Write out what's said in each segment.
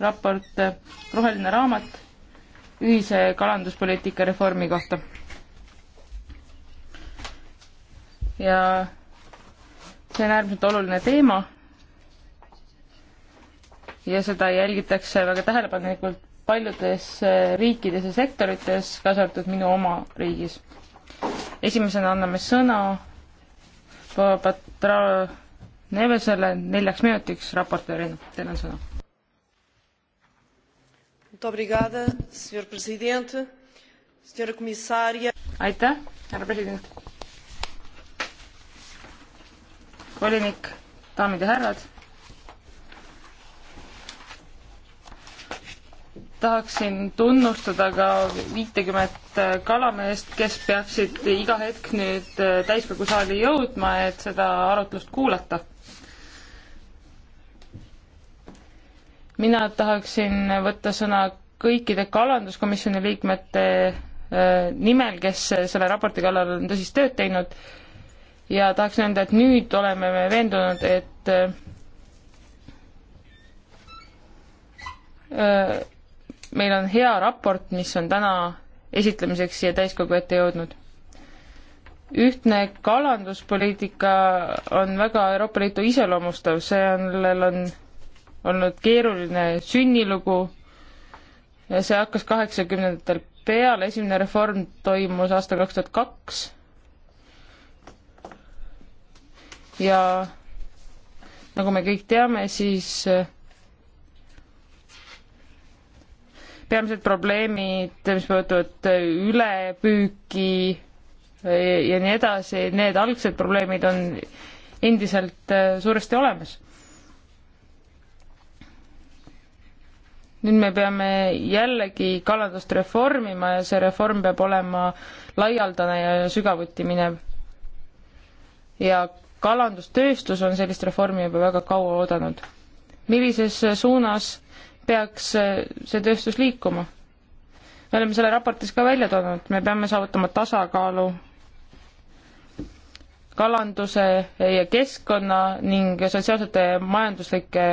raport eh, Roheline raamat ühise kalanduspoliitika reformi kohta. ja see on äärmiselt oluline teema ja seda jälgitakse väga tähelepanelikult paljudes eh, riikides ja sektorites, kaasa arvatud minu oma riigis. esimesena anname sõna Patra Nevesele neljaks minutiks raportöörina, teil on sõna aitäh, härra president. volinik, daamid ja härrad. tahaksin tunnustada ka viitekümmet kalameest, kes peaksid iga hetk nüüd täiskogu saali jõudma, et seda arutlust kuulata mina tahaksin võtta sõna kõikide kalanduskomisjoni liikmete äh, nimel, kes selle raporti kallal on tõsist tööd teinud ja tahaksin öelda, et nüüd oleme me veendunud, et äh, meil on hea raport, mis on täna esitlemiseks siia täiskogu ette jõudnud. ühtne kalanduspoliitika on väga Euroopa Liitu iseloomustav, sellel on olnud keeruline sünnilugu. see hakkas kaheksakümnendatel peale, esimene reform toimus aastal kaks tuhat kaks. ja nagu me kõik teame, siis eh, peamised probleemid, mis puudutavad eh, ülepüüki eh, ja nii edasi, need algsed probleemid on endiselt suuresti olemas nüüd me peame jällegi kalandust reformima ja see reform peab olema laialdane ja sügavuti minev. ja kalandustööstus on sellist reformi juba väga kaua oodanud. millises suunas peaks see tööstus liikuma? me oleme selle raportis ka välja toonud, me peame saavutama tasakaalu kalanduse ja keskkonna ning sotsiaalsete majanduslike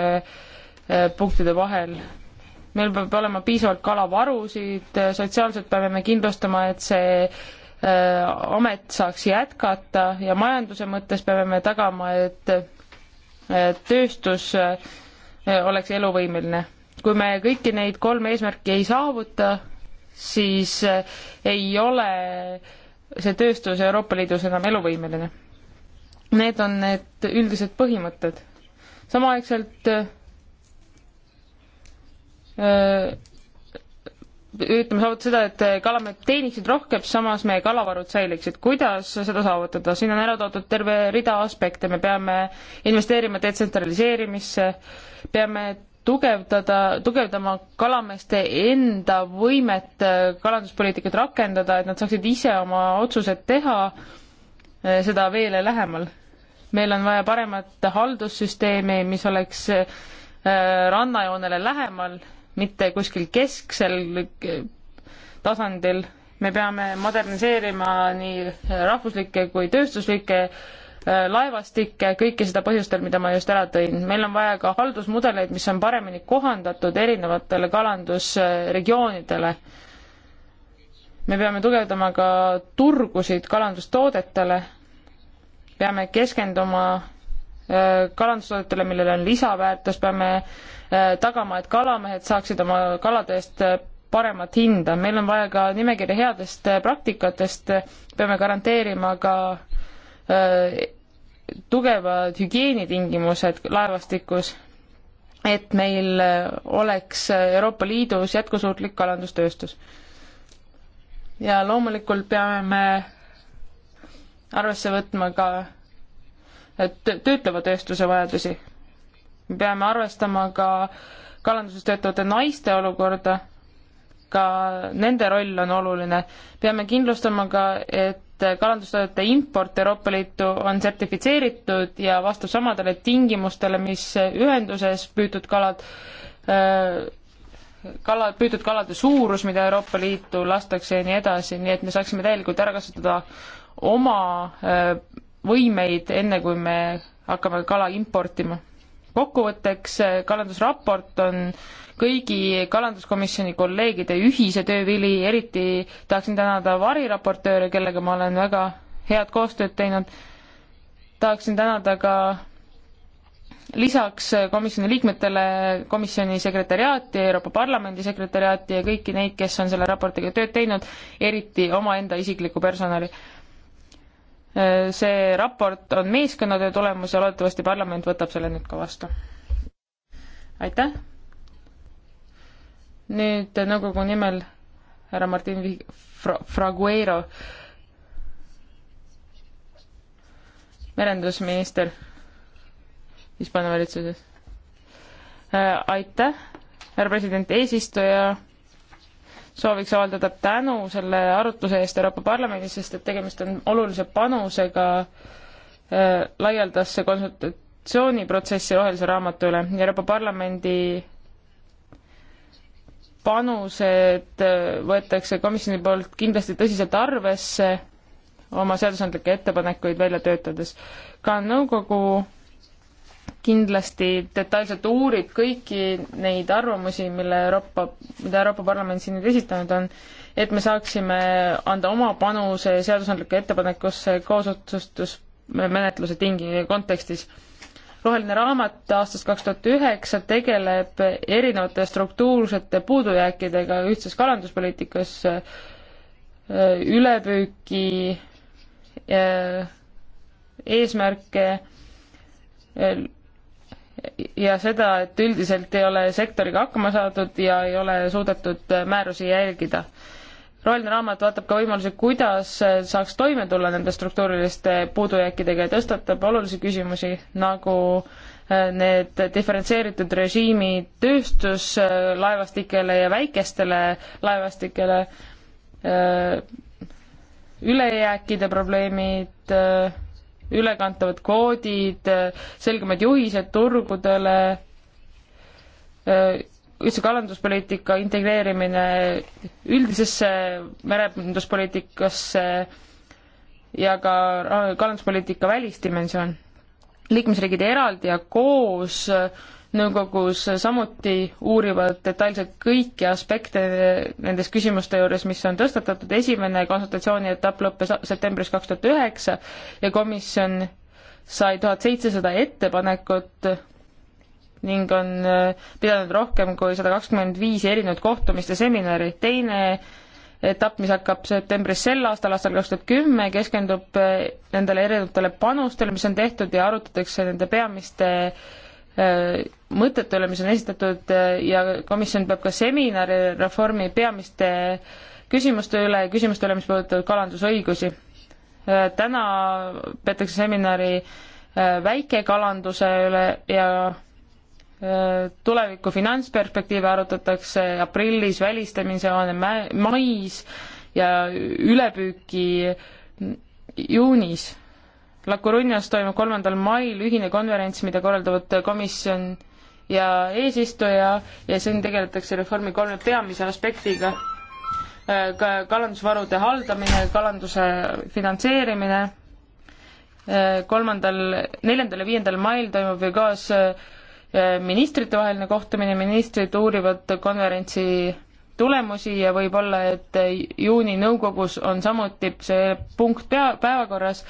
eh, punktide vahel meil peab olema piisavalt kalavarusid, sotsiaalselt peame kindlustama, et see äh, amet saaks jätkata ja majanduse mõttes peame me tagama, et tööstus äh, oleks eluvõimeline. kui me kõiki neid kolme eesmärki ei saavuta, siis äh, ei ole see tööstus Euroopa Liidus enam eluvõimeline. Need on need üldised põhimõtted. samaaegselt Äh, ütleme, saavutada seda, et kalamehed teeniksid rohkem, samas meie kalavarud säiliksid. kuidas seda saavutada? siin on ära toodud terve rida aspekte, me peame investeerima detsentraliseerimisse, peame tugevdada, tugevdama kalameeste enda võimet äh, kalanduspoliitikat rakendada, et nad saaksid ise oma otsused teha, äh, seda veele lähemal. meil on vaja paremat haldussüsteemi, mis oleks rannajoonele lähemal mitte kuskil kesksel tasandil. me peame moderniseerima nii rahvuslikke kui tööstuslikke äh, laevastikke, kõike seda põhjustel, mida ma just ära tõin. meil on vaja ka haldusmudeleid, mis on paremini kohandatud erinevatele kalandusregioonidele. me peame tugevdama ka turgusid kalandustoodetele, peame keskenduma kalandustoodetele, millel on lisaväärtus, peame äh, tagama, et kalamehed saaksid oma kalade eest äh, paremat hinda. meil on vaja ka nimekirja headest äh, praktikatest, peame garanteerima ka tugevad hügieenitingimused laevastikus, et meil oleks Euroopa Liidus jätkusuutlik kalandustööstus. ja loomulikult peame arvesse võtma ka töötleva tööstuse vajadusi. me peame arvestama ka kalanduses töötavate naiste olukorda, ka nende roll on oluline. peame kindlustama ka, et kalandustoodete import Euroopa Liitu on sertifitseeritud ja vastab samadele tingimustele, mis ühenduses püütud kalad kala, püütud kalade suurus, mida Euroopa Liitu lastakse ja nii edasi, nii et me saaksime täielikult ära kasutada oma võimeid, enne kui me hakkame kala importima. kokkuvõtteks, kalandusraport on kõigi kalanduskomisjoni kolleegide ühise töövili, eriti tahaksin tänada variraportööre, kellega ma olen väga head koostööd teinud. tahaksin tänada ka lisaks komisjoni liikmetele komisjoni sekretäriaati, Euroopa Parlamendi sekretäriaati ja kõiki neid, kes on selle raportiga tööd teinud, eriti omaenda isiklikku personali see raport on meeskonnatöö tulemus ja loodetavasti parlament võtab selle nüüd ka vastu. aitäh! nüüd nõukogu nimel härra Martin Vi-, Fra-, Fragueiro, merendusminister Hispaania valitsuses. Äh, aitäh, härra president, eesistuja sooviks avaldada tänu selle arutluse eest Euroopa Parlamendis, sest et tegemist on olulise panusega äh, laialdasse konsultatsiooniprotsessi rohelise raamatu üle. Euroopa Parlamendi panused äh, võetakse komisjoni poolt kindlasti tõsiselt arvesse oma seadusandlikke ettepanekuid välja töötades. ka nõukogu kindlasti detailselt uurib kõiki neid arvamusi, mille Euroopa, mida Euroopa Parlament siin nüüd esitanud on, et me saaksime anda oma panuse seadusandlike ettepanekusse koosotsustusmenetluse tingi-, kontekstis. roheline raamat aastast kaks tuhat üheksa tegeleb erinevate struktuursete puudujääkidega ühtses kalanduspoliitikas, ülepüüki, eesmärke, ja seda, et üldiselt ei ole sektoriga hakkama saadud ja ei ole suudetud äh, määrusi jälgida. roheline raamat vaatab ka võimalusi, kuidas äh, saaks toime tulla nende struktuuriliste puudujääkidega ja tõstatab olulisi küsimusi, nagu äh, need diferentseeritud režiimi tööstuslaevastikele ja väikestele laevastikele, ülejääkide probleemid ülekantavad koodid, selgemad juhised turgudele, üldse kalanduspoliitika integreerimine üldisesse merenduspoliitikasse ja ka kalanduspoliitika välisdimensioon. liikmesriigid eraldi ja koos äh, nõukogus samuti uurivad detailselt kõiki aspekte nendes küsimuste juures, mis on tõstatatud. esimene konsultatsiooni etapp lõppes septembris kaks tuhat üheksa ja komisjon sai tuhat seitsesada ettepanekut ning on äh, pidanud rohkem kui sada kakskümmend viis erinevat kohtumist ja seminari. teine etapp, mis hakkab septembris sel aastal, aastal kaks tuhat kümme, keskendub äh, nendele erinevatele panustele, mis on tehtud ja arutatakse nende peamiste äh, mõtetele, mis on esitatud eh, ja komisjon peab ka seminari reformi peamiste küsimuste üle ja küsimuste üle, mis puudutavad kalandusõigusi. Eh, täna peetakse seminari eh, väikekalanduse üle ja tuleviku finantsperspektiive arutatakse aprillis, välistamise aane mais ja ülepüüki juunis. La Coruñas toimub kolmandal mail ühine konverents, mida korraldavad komisjon ja eesistuja ja siin tegeletakse reformi kolme peamise aspektiga. Äh, ka kalandusvarude haldamine, kalanduse finantseerimine, äh, kolmandal, neljandal ja viiendal mail toimub Vegas äh, ministritevaheline kohtumine, ministrid uurivad konverentsi tulemusi ja võib-olla, et juuni nõukogus on samuti see punkt pea, päevakorras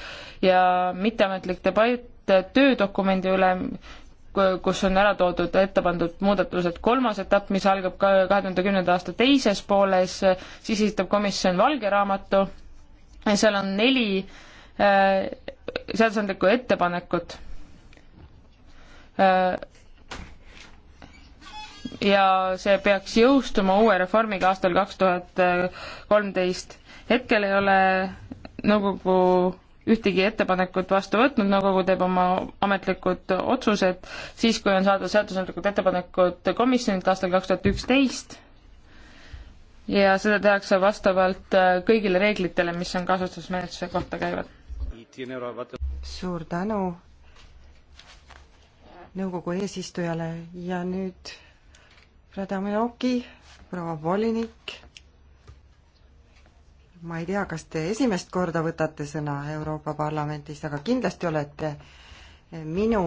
ja mitteametlik debatt töödokumendi üle, kus on ära toodud, ette pandud muudatused, kolmas etapp, mis algab ka kahe tuhande kümnenda aasta teises pooles, siis esitab komisjon valge raamatu ja seal on neli äh, seadusandlikku ettepanekut äh,. ja see peaks jõustuma uue reformiga aastal kaks tuhat kolmteist. hetkel ei ole nõukogu no, ühtegi ettepanekut vastu võtnud, nõukogu teeb oma ametlikud otsused siis, kui on saadud seadusandlikud ettepanekud komisjonilt aastal kaks tuhat üksteist ja seda tehakse vastavalt äh, kõigile reeglitele, mis on kasutusmenetluse kohta käivad. suur tänu nõukogu eesistujale ja nüüd Radamenoki, proua volinik ma ei tea, kas te esimest korda võtate sõna Euroopa Parlamendis, aga kindlasti olete minu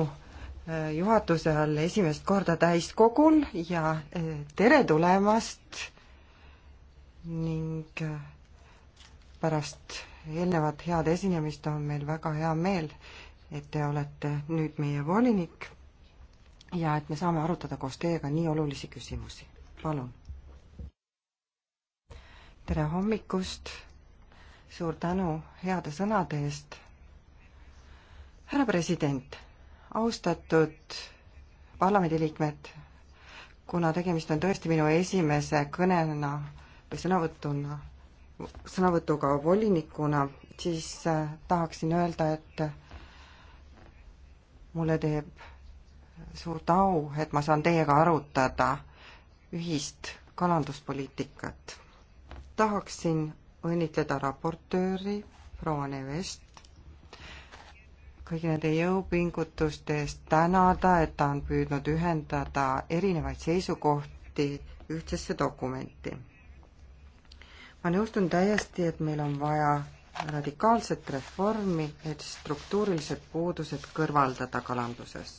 eh, juhatuse all esimest korda täiskogul ja eh, tere tulemast ning eh, pärast eelnevat head esinemist on meil väga hea meel, et te olete nüüd meie volinik ja et me saame arutada koos teiega nii olulisi küsimusi. palun tere hommikust, suur tänu heade sõnade eest. härra president, austatud parlamendiliikmed, kuna tegemist on tõesti minu esimese kõnena või sõnavõtuna, sõnavõtuga volinikuna, siis äh, tahaksin öelda, et mulle teeb suurt au, et ma saan teiega arutada ühist kalanduspoliitikat tahaksin õnnitleda raportööri proua Nevest kõigi nende jõupingutuste eest tänada, et ta on püüdnud ühendada erinevaid seisukohti ühtsesse dokumenti. ma nõustun täiesti, et meil on vaja radikaalset reformi, et struktuurilised puudused kõrvaldada kalanduses.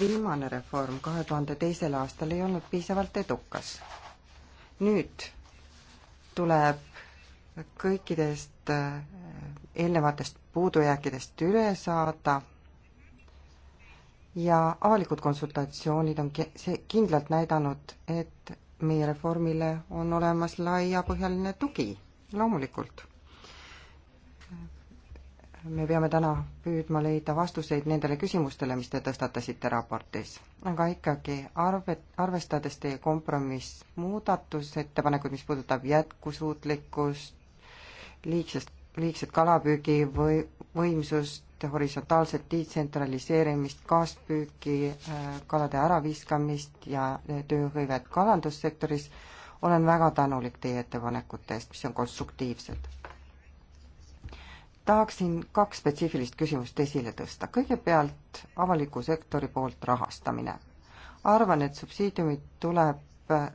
viimane reform kahe tuhande teisel aastal ei olnud piisavalt edukas. nüüd tuleb kõikidest äh, eelnevatest puudujääkidest üle saada ja avalikud konsultatsioonid on see kindlalt näidanud, et meie reformile on olemas laiapõhjaline tugi, loomulikult me peame täna püüdma leida vastuseid nendele küsimustele, mis te tõstatasite raportis. aga ikkagi, arve, arvestades teie kompromiss muudatusettepanekuid, mis puudutab jätkusuutlikkust, liigsest, liigset kalapüügi või võimsust, horisontaalset detsentraliseerimist, kaaspüüki, äh, kalade äraviskamist ja äh, tööhõivet kalandussektoris, olen väga tänulik teie ettepanekute eest, mis on konstruktiivsed tahaksin kaks spetsiifilist küsimust esile tõsta. kõigepealt avaliku sektori poolt rahastamine. arvan, et subsiidiumid tuleb äh,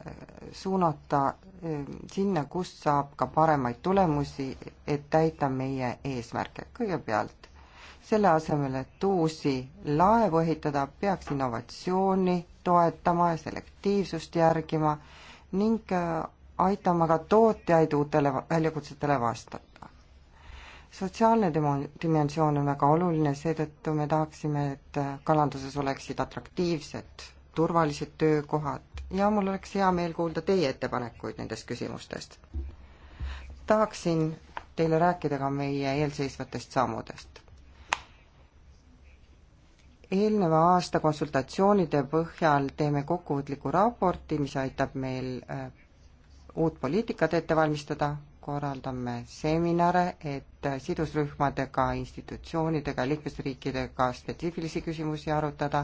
suunata äh, sinna, kust saab ka paremaid tulemusi, et täita meie eesmärke. kõigepealt selle asemel, et uusi laevu ehitada, peaks innovatsiooni toetama ja selektiivsust järgima ning äh, aitama ka tootjaid uutele väljakutsetele vastata sotsiaalne dimensioon on väga oluline, seetõttu me tahaksime, et kalanduses oleksid atraktiivsed, turvalised töökohad ja mul oleks hea meel kuulda teie ettepanekuid nendest küsimustest. tahaksin teile rääkida ka meie eelseisvatest sammudest eelneva aasta konsultatsioonide põhjal teeme kokkuvõtliku raporti, mis aitab meil äh, uut poliitikat ette valmistada korraldame seminare, et sidusrühmadega, institutsioonidega, liikmesriikidega spetsiifilisi küsimusi arutada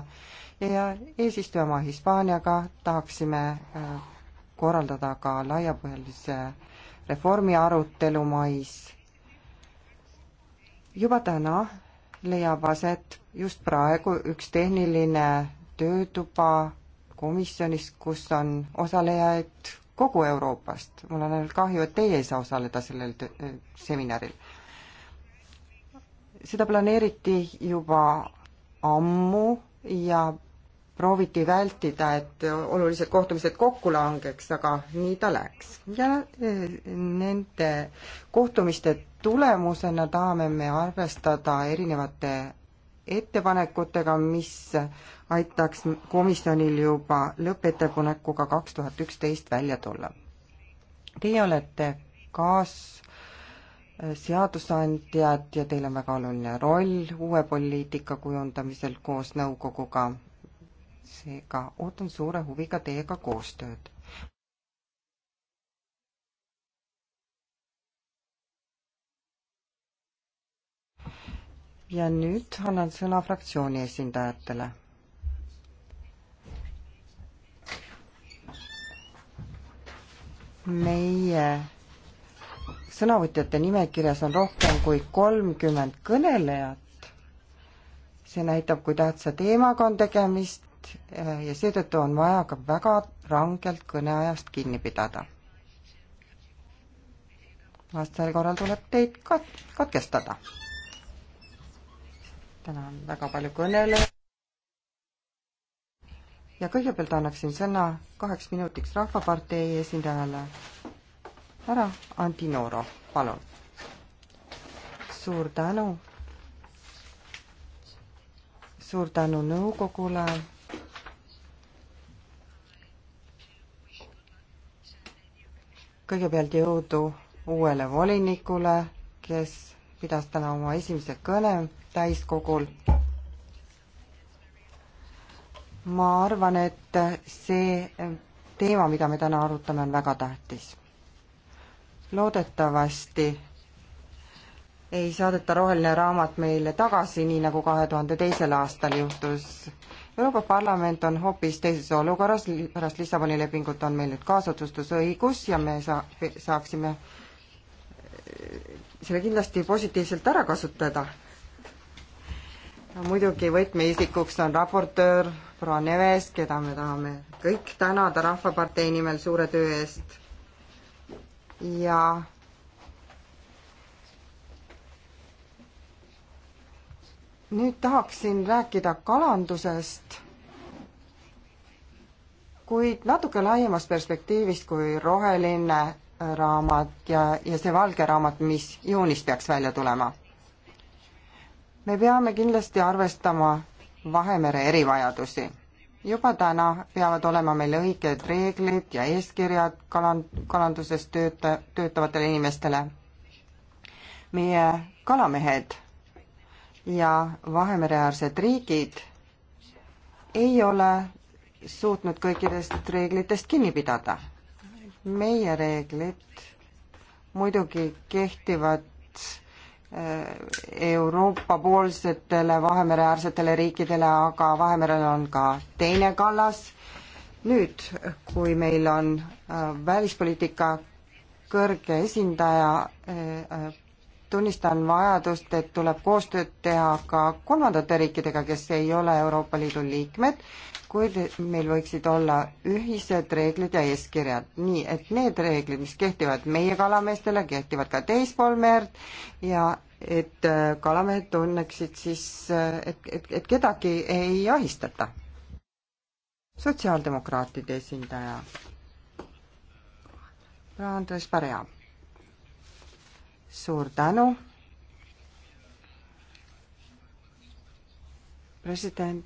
ja eesistujamaa Hispaaniaga tahaksime äh, korraldada ka laiapõhjalise reformi arutelu mais. juba täna leiab aset just praegu üks tehniline töötuba komisjonis, kus on osalejaid kogu Euroopast. mul on ainult kahju, et teie ei saa osaleda sellel äh, seminaril. seda planeeriti juba ammu ja prooviti vältida, et olulised kohtumised kokku langeks, aga nii ta läks. ja äh, nende kohtumiste tulemusena tahame me arvestada erinevate ettepanekutega, mis aitaks komisjonil juba lõppettepanekuga kaks tuhat üksteist välja tulla. Teie olete kaas- seadusandjad ja teil on väga oluline roll uue poliitika kujundamisel koos nõukoguga. seega ootan suure huviga teiega koostööd. ja nüüd annan sõna fraktsiooni esindajatele. meie sõnavõtjate nimekirjas on rohkem kui kolmkümmend kõnelejat. see näitab, kui tähtsa teemaga on tegemist eh, ja seetõttu on vaja ka väga rangelt kõneajast kinni pidada. vastasel korral tuleb teid kat-, katkestada. täna on väga palju kõnelejaid ja kõigepealt annaksin sõna kaheks minutiks Rahvapartei esindajale. härra Antinoro, palun. suur tänu. suur tänu nõukogule. kõigepealt jõudu uuele volinikule, kes pidas täna oma esimese kõne täiskogul ma arvan, et see teema, mida me täna arutame, on väga tähtis. loodetavasti ei saadeta roheline raamat meile tagasi, nii nagu kahe tuhande teisel aastal juhtus. Euroopa Parlament on hoopis teises olukorras, pärast Lissaboni lepingut on meil nüüd kaasotsustusõigus ja me saa-, saaksime selle kindlasti positiivselt ära kasutada. muidugi võtmeisikuks on raportöör, proua Neves, keda me tahame kõik tänada Rahvapartei nimel suure töö eest ja nüüd tahaksin rääkida kalandusest, kuid natuke laiemast perspektiivist kui roheline raamat ja, ja see valge raamat, mis juunis peaks välja tulema. me peame kindlasti arvestama Vahemere erivajadusi. juba täna peavad olema meil õiged reeglid ja eeskirjad kaland-, kalanduses tööta-, töötavatele inimestele. meie kalamehed ja Vahemereäärsed riigid ei ole suutnud kõikidest reeglitest kinni pidada. meie reeglid muidugi kehtivad Euroopa-poolsetele Vahemereäärsetele riikidele, aga Vahemerel on ka teine kallas. nüüd, kui meil on äh, välispoliitika kõrge esindaja äh, tunnistan vajadust, et tuleb koostööd teha ka kolmandate riikidega, kes ei ole Euroopa Liidu liikmed, kuid meil võiksid olla ühised reeglid ja eeskirjad, nii et need reeglid, mis kehtivad meie kalameestele, kehtivad ka teispool merd ja et äh, kalamehed tunneksid siis, äh, et, et, et kedagi ei ahistata. sotsiaaldemokraatide esindaja. Andres Parea suur tänu. president,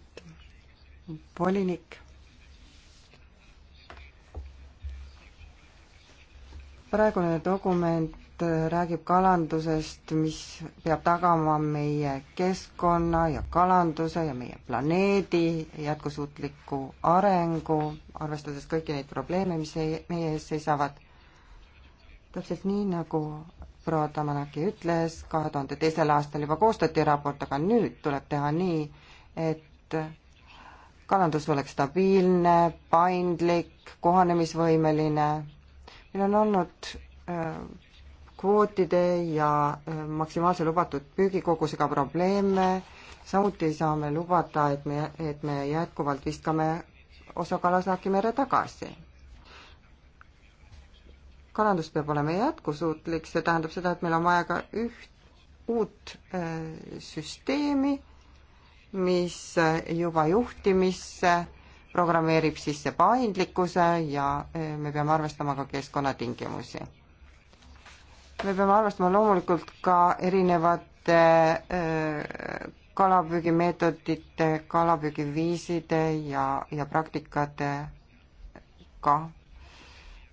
volinik. praegune dokument räägib kalandusest, mis peab tagama meie keskkonna ja kalanduse ja meie planeedi jätkusuutliku arengu, arvestades kõiki neid probleeme, mis meie ees seisavad. täpselt nii, nagu proua Tamanaki ütles, kahe tuhande teisel aastal juba koostati raport, aga nüüd tuleb teha nii, et kalandus oleks stabiilne, paindlik, kohanemisvõimeline. meil on olnud äh, kvootide ja äh, maksimaalse lubatud püügikogusega probleeme, samuti ei saa me lubada, et me, et me jätkuvalt viskame osa kalasaaki merre tagasi kalandus peab olema jätkusuutlik, see tähendab seda, et meil on vaja ka üht uut äh, süsteemi, mis äh, juba juhtimisse programmeerib sisse paindlikkuse ja äh, me peame arvestama ka keskkonnatingimusi. me peame arvestama loomulikult ka erinevate kalapüügimeetodite, kalapüügiviiside ja, ja praktikatega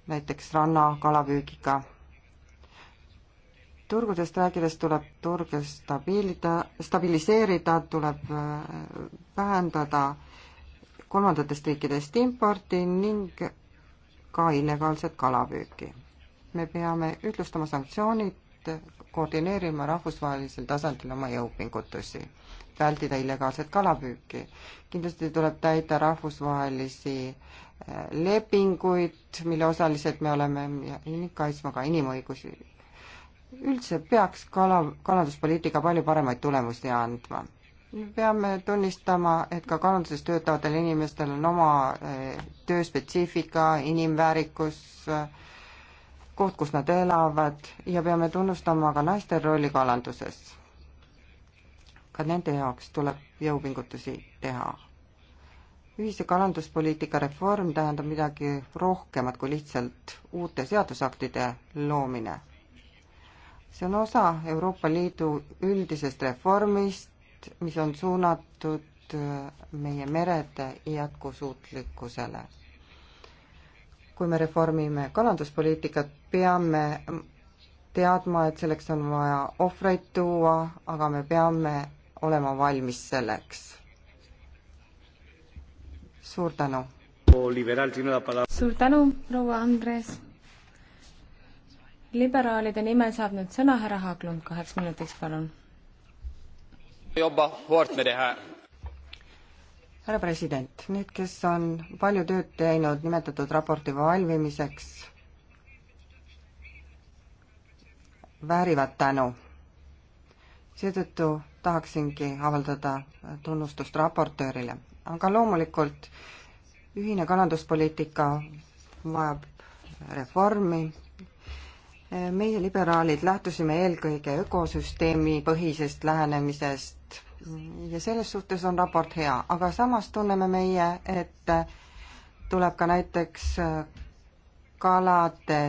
näiteks ranna kalapüügiga. turgudest rääkides tuleb turge stabiilida, stabiliseerida, tuleb äh, vähendada kolmandatest riikidest importi ning ka illegaalset kalapüüki. me peame ühtlustama sanktsioonid, koordineerima rahvusvahelisel tasandil oma jõupingutusi, vältida illegaalset kalapüüki. kindlasti tuleb täida rahvusvahelisi lepinguid, mille osalised me oleme ja kaitsma ka inimõigusi. üldse peaks kala, kalanduspoliitika palju paremaid tulemusi andma. me peame tunnistama, et ka kalanduses töötavatel inimestel on oma eh, tööspetsiifika, inimväärikus, eh, koht, kus nad elavad ja peame tunnustama ka naiste rolli kalanduses. ka nende jaoks tuleb jõupingutusi teha ühise kalanduspoliitika reform tähendab midagi rohkemat kui lihtsalt uute seadusaktide loomine. see on osa Euroopa Liidu üldisest reformist, mis on suunatud äh, meie merede jätkusuutlikkusele. kui me reformime kalanduspoliitikat, peame teadma, et selleks on vaja ohvreid tuua, aga me peame olema valmis selleks suur tänu! suur tänu, proua Andres! liberaalide nimel saab nüüd sõna härra Haaglund, kaheks minutiks, palun. härra president, need, kes on palju tööd teinud nimetatud raporti valmimiseks, väärivad tänu. seetõttu tahaksingi avaldada tunnustust raportöörile aga loomulikult ühine kalanduspoliitika vajab reformi. meie liberaalid lähtusime eelkõige ökosüsteemi põhisest lähenemisest ja selles suhtes on raport hea, aga samas tunneme meie, et tuleb ka näiteks kalade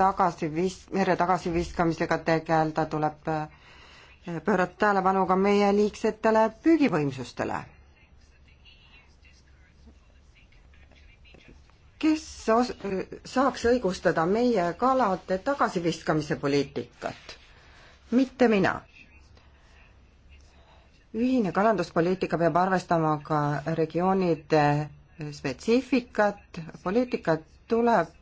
tagasivis-, merre tagasiviskamisega tegeleda, tuleb pöörata tähelepanu ka meie liigsetele püügivõimsustele kes os-, saaks õigustada meie kalade tagasiviskamise poliitikat? mitte mina. ühine kalanduspoliitika peab arvestama ka regioonide spetsiifikat, poliitikat tuleb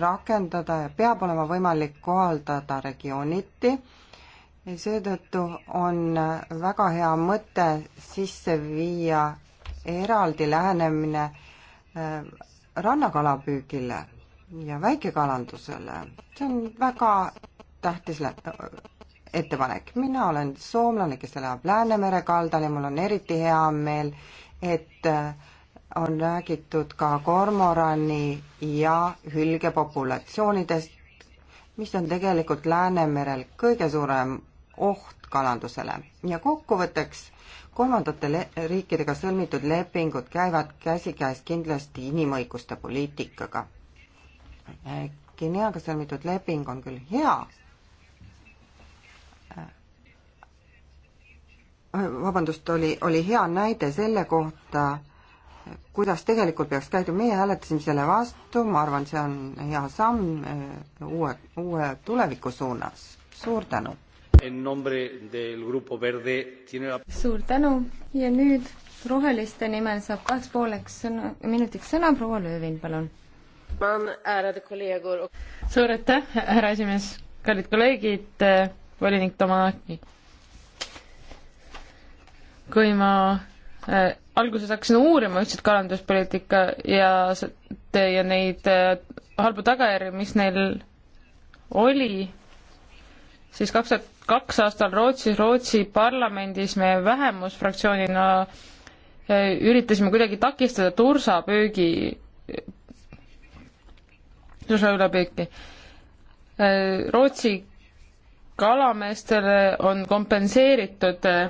rakendada ja peab olema võimalik kohaldada regiooniti, seetõttu on väga hea mõte sisse viia eraldi lähenemine rannakalapüügile ja väikekalandusele, see on väga tähtis äh, ettepanek. mina olen soomlane, kes elab Läänemere kaldal ja mul on eriti hea meel, et äh, on räägitud ka kormorani ja hülge populatsioonidest, mis on tegelikult Läänemerel kõige suurem oht kalandusele. ja kokkuvõtteks kolmandate riikidega sõlmitud lepingud käivad käsikäes kindlasti inimõiguste poliitikaga. Guineaga sõlmitud leping on küll hea, vabandust, oli, oli hea näide selle kohta, kuidas tegelikult peaks käiduma, meie hääletasime selle vastu, ma arvan, see on hea samm eh, uue, uue tuleviku suunas. suur tänu! suur tänu ja nüüd roheliste nimel saab kaks pooleks sõna, minutiks sõna proua Löövin, palun. suur aitäh, härra esimees, kallid kolleegid, volinik Tomanaki. kui ma äh, alguses hakkasin uurima ühtset kalanduspoliitika ja, ja neid äh, halbu tagajärgi, mis neil oli, siis kaks tuhat kaks aastal Rootsis, Rootsi parlamendis me vähemusfraktsioonina eh, üritasime kuidagi takistada tursapüügi, tursa ülepüüki. Eh, Rootsi kalameestele on kompenseeritud eh,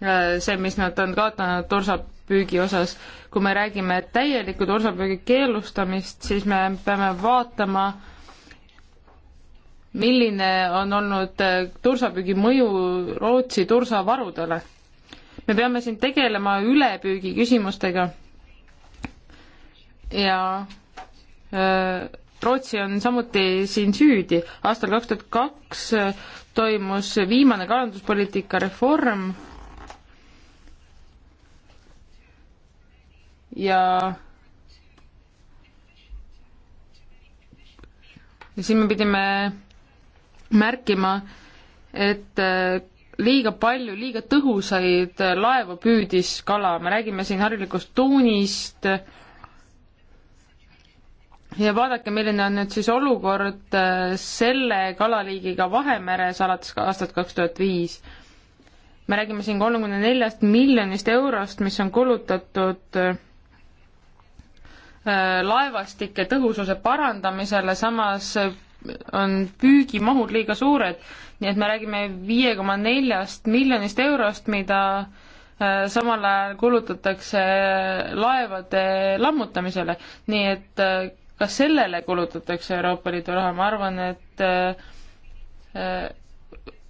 see, mis nad on kaotanud tursapüügi osas. kui me räägime täieliku tursapüügi keelustamist, siis me peame vaatama äh, milline on olnud äh, tursapüügi mõju Rootsi tursavarudele. me peame siin tegelema ülepüügi küsimustega ja öö, äh, Rootsi on samuti siin süüdi. aastal kaks tuhat kaks äh, toimus viimane kalanduspoliitika reform ja ja siin me pidime märkima, et äh, liiga palju, liiga tõhusaid äh, laevu püüdis kala, me räägime siin harilikust tuunist. ja vaadake, milline on nüüd siis olukord äh, selle kalaliigiga Vahemeres alates aastat kaks tuhat viis. me räägime siin kolmekümne neljast miljonist eurost, mis on kulutatud laevastike tõhususe parandamisele, samas on püügimahud liiga suured, nii et me räägime viie koma neljast miljonist eurost, mida äh, samal ajal kulutatakse äh, laevade lammutamisele, nii et äh, ka sellele kulutatakse Euroopa Liidu raha, ma arvan, et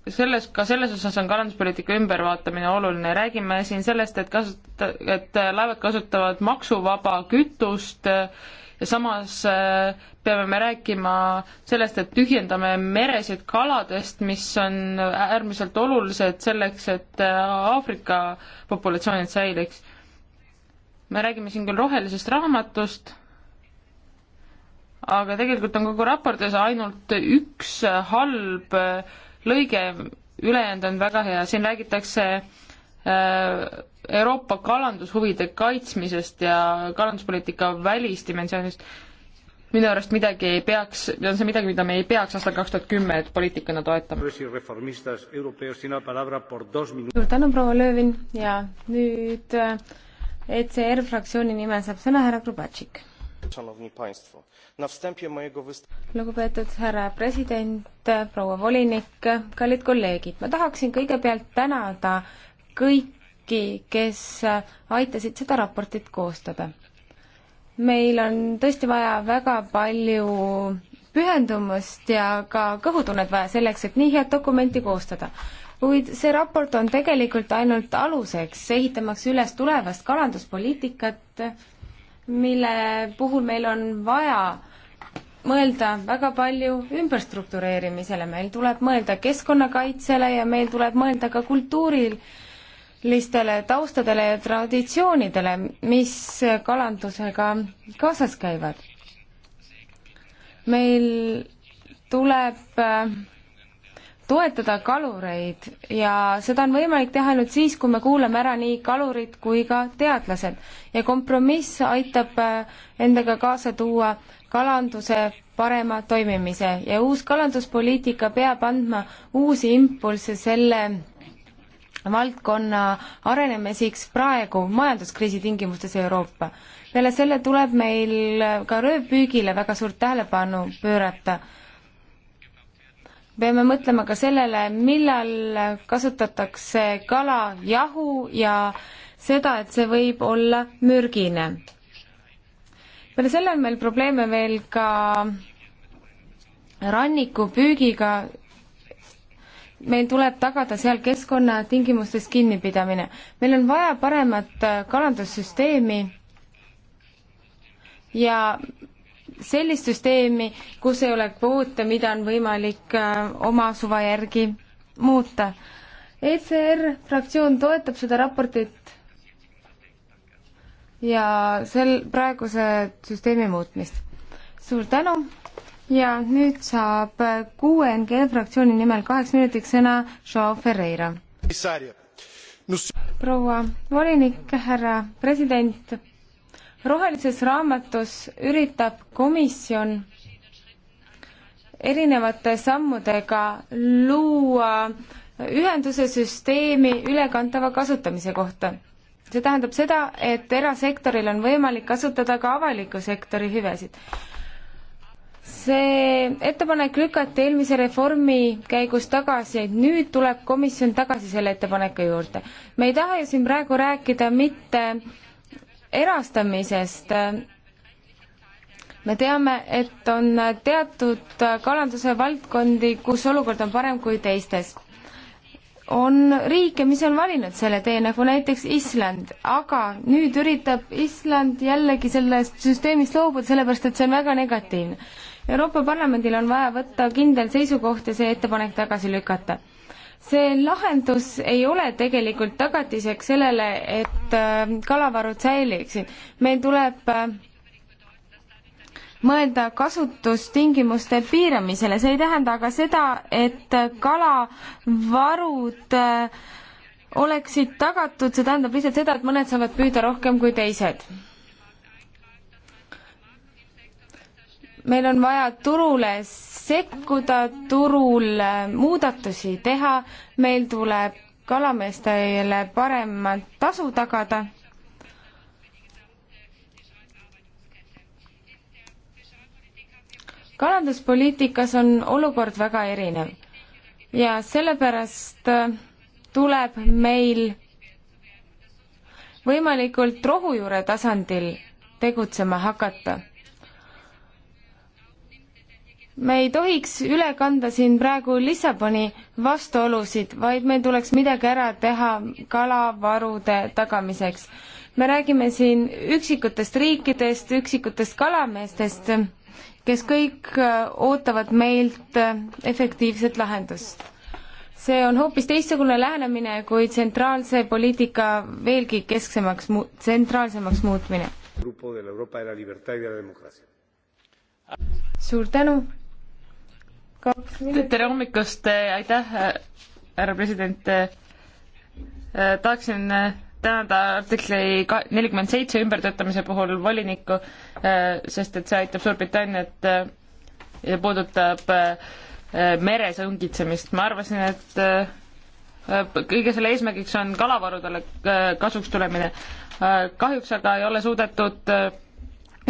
selles, ka selles osas on kalanduspoliitika ümbervaatamine oluline, räägime siin sellest, et kasuta-, et laevad kasutavad maksuvaba kütust äh, ja samas äh, peame me rääkima sellest, et tühjendame meresid kaladest, mis on äärmiselt olulised selleks, et äh, Aafrika populatsioonid säiliks. me räägime siin küll rohelisest raamatust, aga tegelikult on kogu raportis ainult üks halb äh, lõige, ülejäänud on väga hea, siin räägitakse Äh, Euroopa kalandushuvide kaitsmisest ja kalanduspoliitika välisdimensioonist minu arust midagi ei peaks, on see midagi, mida me ei peaks aastal kaks tuhat kümme poliitikana toetama. suur tänu, proua Löövin ja nüüd äh, ECR fraktsiooni nimel saab sõna härra Grubatšik. lugupeetud härra president, proua volinik, kallid kolleegid, ma tahaksin kõigepealt tänada kõiki, kes aitasid seda raportit koostada. meil on tõesti vaja väga palju pühendumust ja ka kõhutunnet vaja selleks, et nii head dokumenti koostada. kuid see raport on tegelikult ainult aluseks, ehitamaks üles tulevast kalanduspoliitikat, mille puhul meil on vaja mõelda väga palju ümberstruktureerimisele, meil tuleb mõelda keskkonnakaitsele ja meil tuleb mõelda ka kultuuril listele taustadele ja traditsioonidele, mis kalandusega kaasas käivad. meil tuleb äh, toetada kalureid ja seda on võimalik teha ainult siis, kui me kuulame ära nii kalurid kui ka teadlased. ja kompromiss aitab äh, endaga kaasa tuua kalanduse parema toimimise ja uus kalanduspoliitika peab andma uusi impulsse selle valdkonna arenemiseks praegu majanduskriisi tingimustes Euroopa. peale selle tuleb meil ka röövpüügile väga suurt tähelepanu pöörata. peame mõtlema ka sellele, millal kasutatakse kala jahu ja seda, et see võib olla mürgine. peale selle on meil probleeme veel ka rannikupüügiga meil tuleb tagada seal keskkonnatingimustest kinnipidamine. meil on vaja paremat äh, kalandussüsteemi ja sellist süsteemi, kus ei ole kvoote, mida on võimalik äh, oma suva järgi muuta. ECR fraktsioon toetab seda raportit ja sel, praeguse süsteemi muutmist. suur tänu! ja nüüd saab QNG fraktsiooni nimel kaheks minutiks sõna Joao Ferreira. proua volinik, härra president, rohelises raamatus üritab komisjon erinevate sammudega luua ühenduse süsteemi ülekantava kasutamise kohta. see tähendab seda, et erasektoril on võimalik kasutada ka avaliku sektori hüvesid see ettepanek lükati eelmise reformi käigus tagasi, nüüd tuleb komisjon tagasi selle ettepaneku juurde. me ei taha ju siin praegu rääkida mitte erastamisest, me teame, et on teatud kalanduse valdkondi, kus olukord on parem kui teistes. on riike, mis on valinud selle tee, nagu näiteks Island, aga nüüd üritab Island jällegi sellest süsteemist loobuda, sellepärast et see on väga negatiivne Euroopa Parlamendil on vaja võtta kindel seisukoht ja see ettepanek tagasi lükata. see lahendus ei ole tegelikult tagatiseks sellele, et äh, kalavarud säiliksid. meil tuleb äh, mõelda kasutustingimuste piiramisele, see ei tähenda aga seda, et kalavarud äh, oleksid tagatud, see tähendab lihtsalt seda, et mõned saavad püüda rohkem kui teised. meil on vaja turule sekkuda, turul äh, muudatusi teha, meil tuleb kalameestele paremat tasu tagada kalanduspoliitikas on olukord väga erinev ja sellepärast äh, tuleb meil võimalikult rohujuure tasandil tegutsema hakata me ei tohiks üle kanda siin praegu Lissaboni vastuolusid, vaid meil tuleks midagi ära teha kalavarude tagamiseks. me räägime siin üksikutest riikidest, üksikutest kalameestest, kes kõik äh, ootavad meilt äh, efektiivset lahendust. see on hoopis teistsugune lähenemine kui tsentraalse poliitika veelgi kesksemaks mu-, tsentraalsemaks muutmine. suur tänu! kaks minutit. tere hommikust, aitäh, härra president. tahaksin tänada artikli nelikümmend seitse ümbertöötamise puhul volinikku, sest et see aitab Suurbritanniat ja puudutab äh, meres õngitsemist. ma arvasin, et äh, kõige selle eesmärgiks on kalavarudele äh, kasuks tulemine. kahjuks aga ei ole suudetud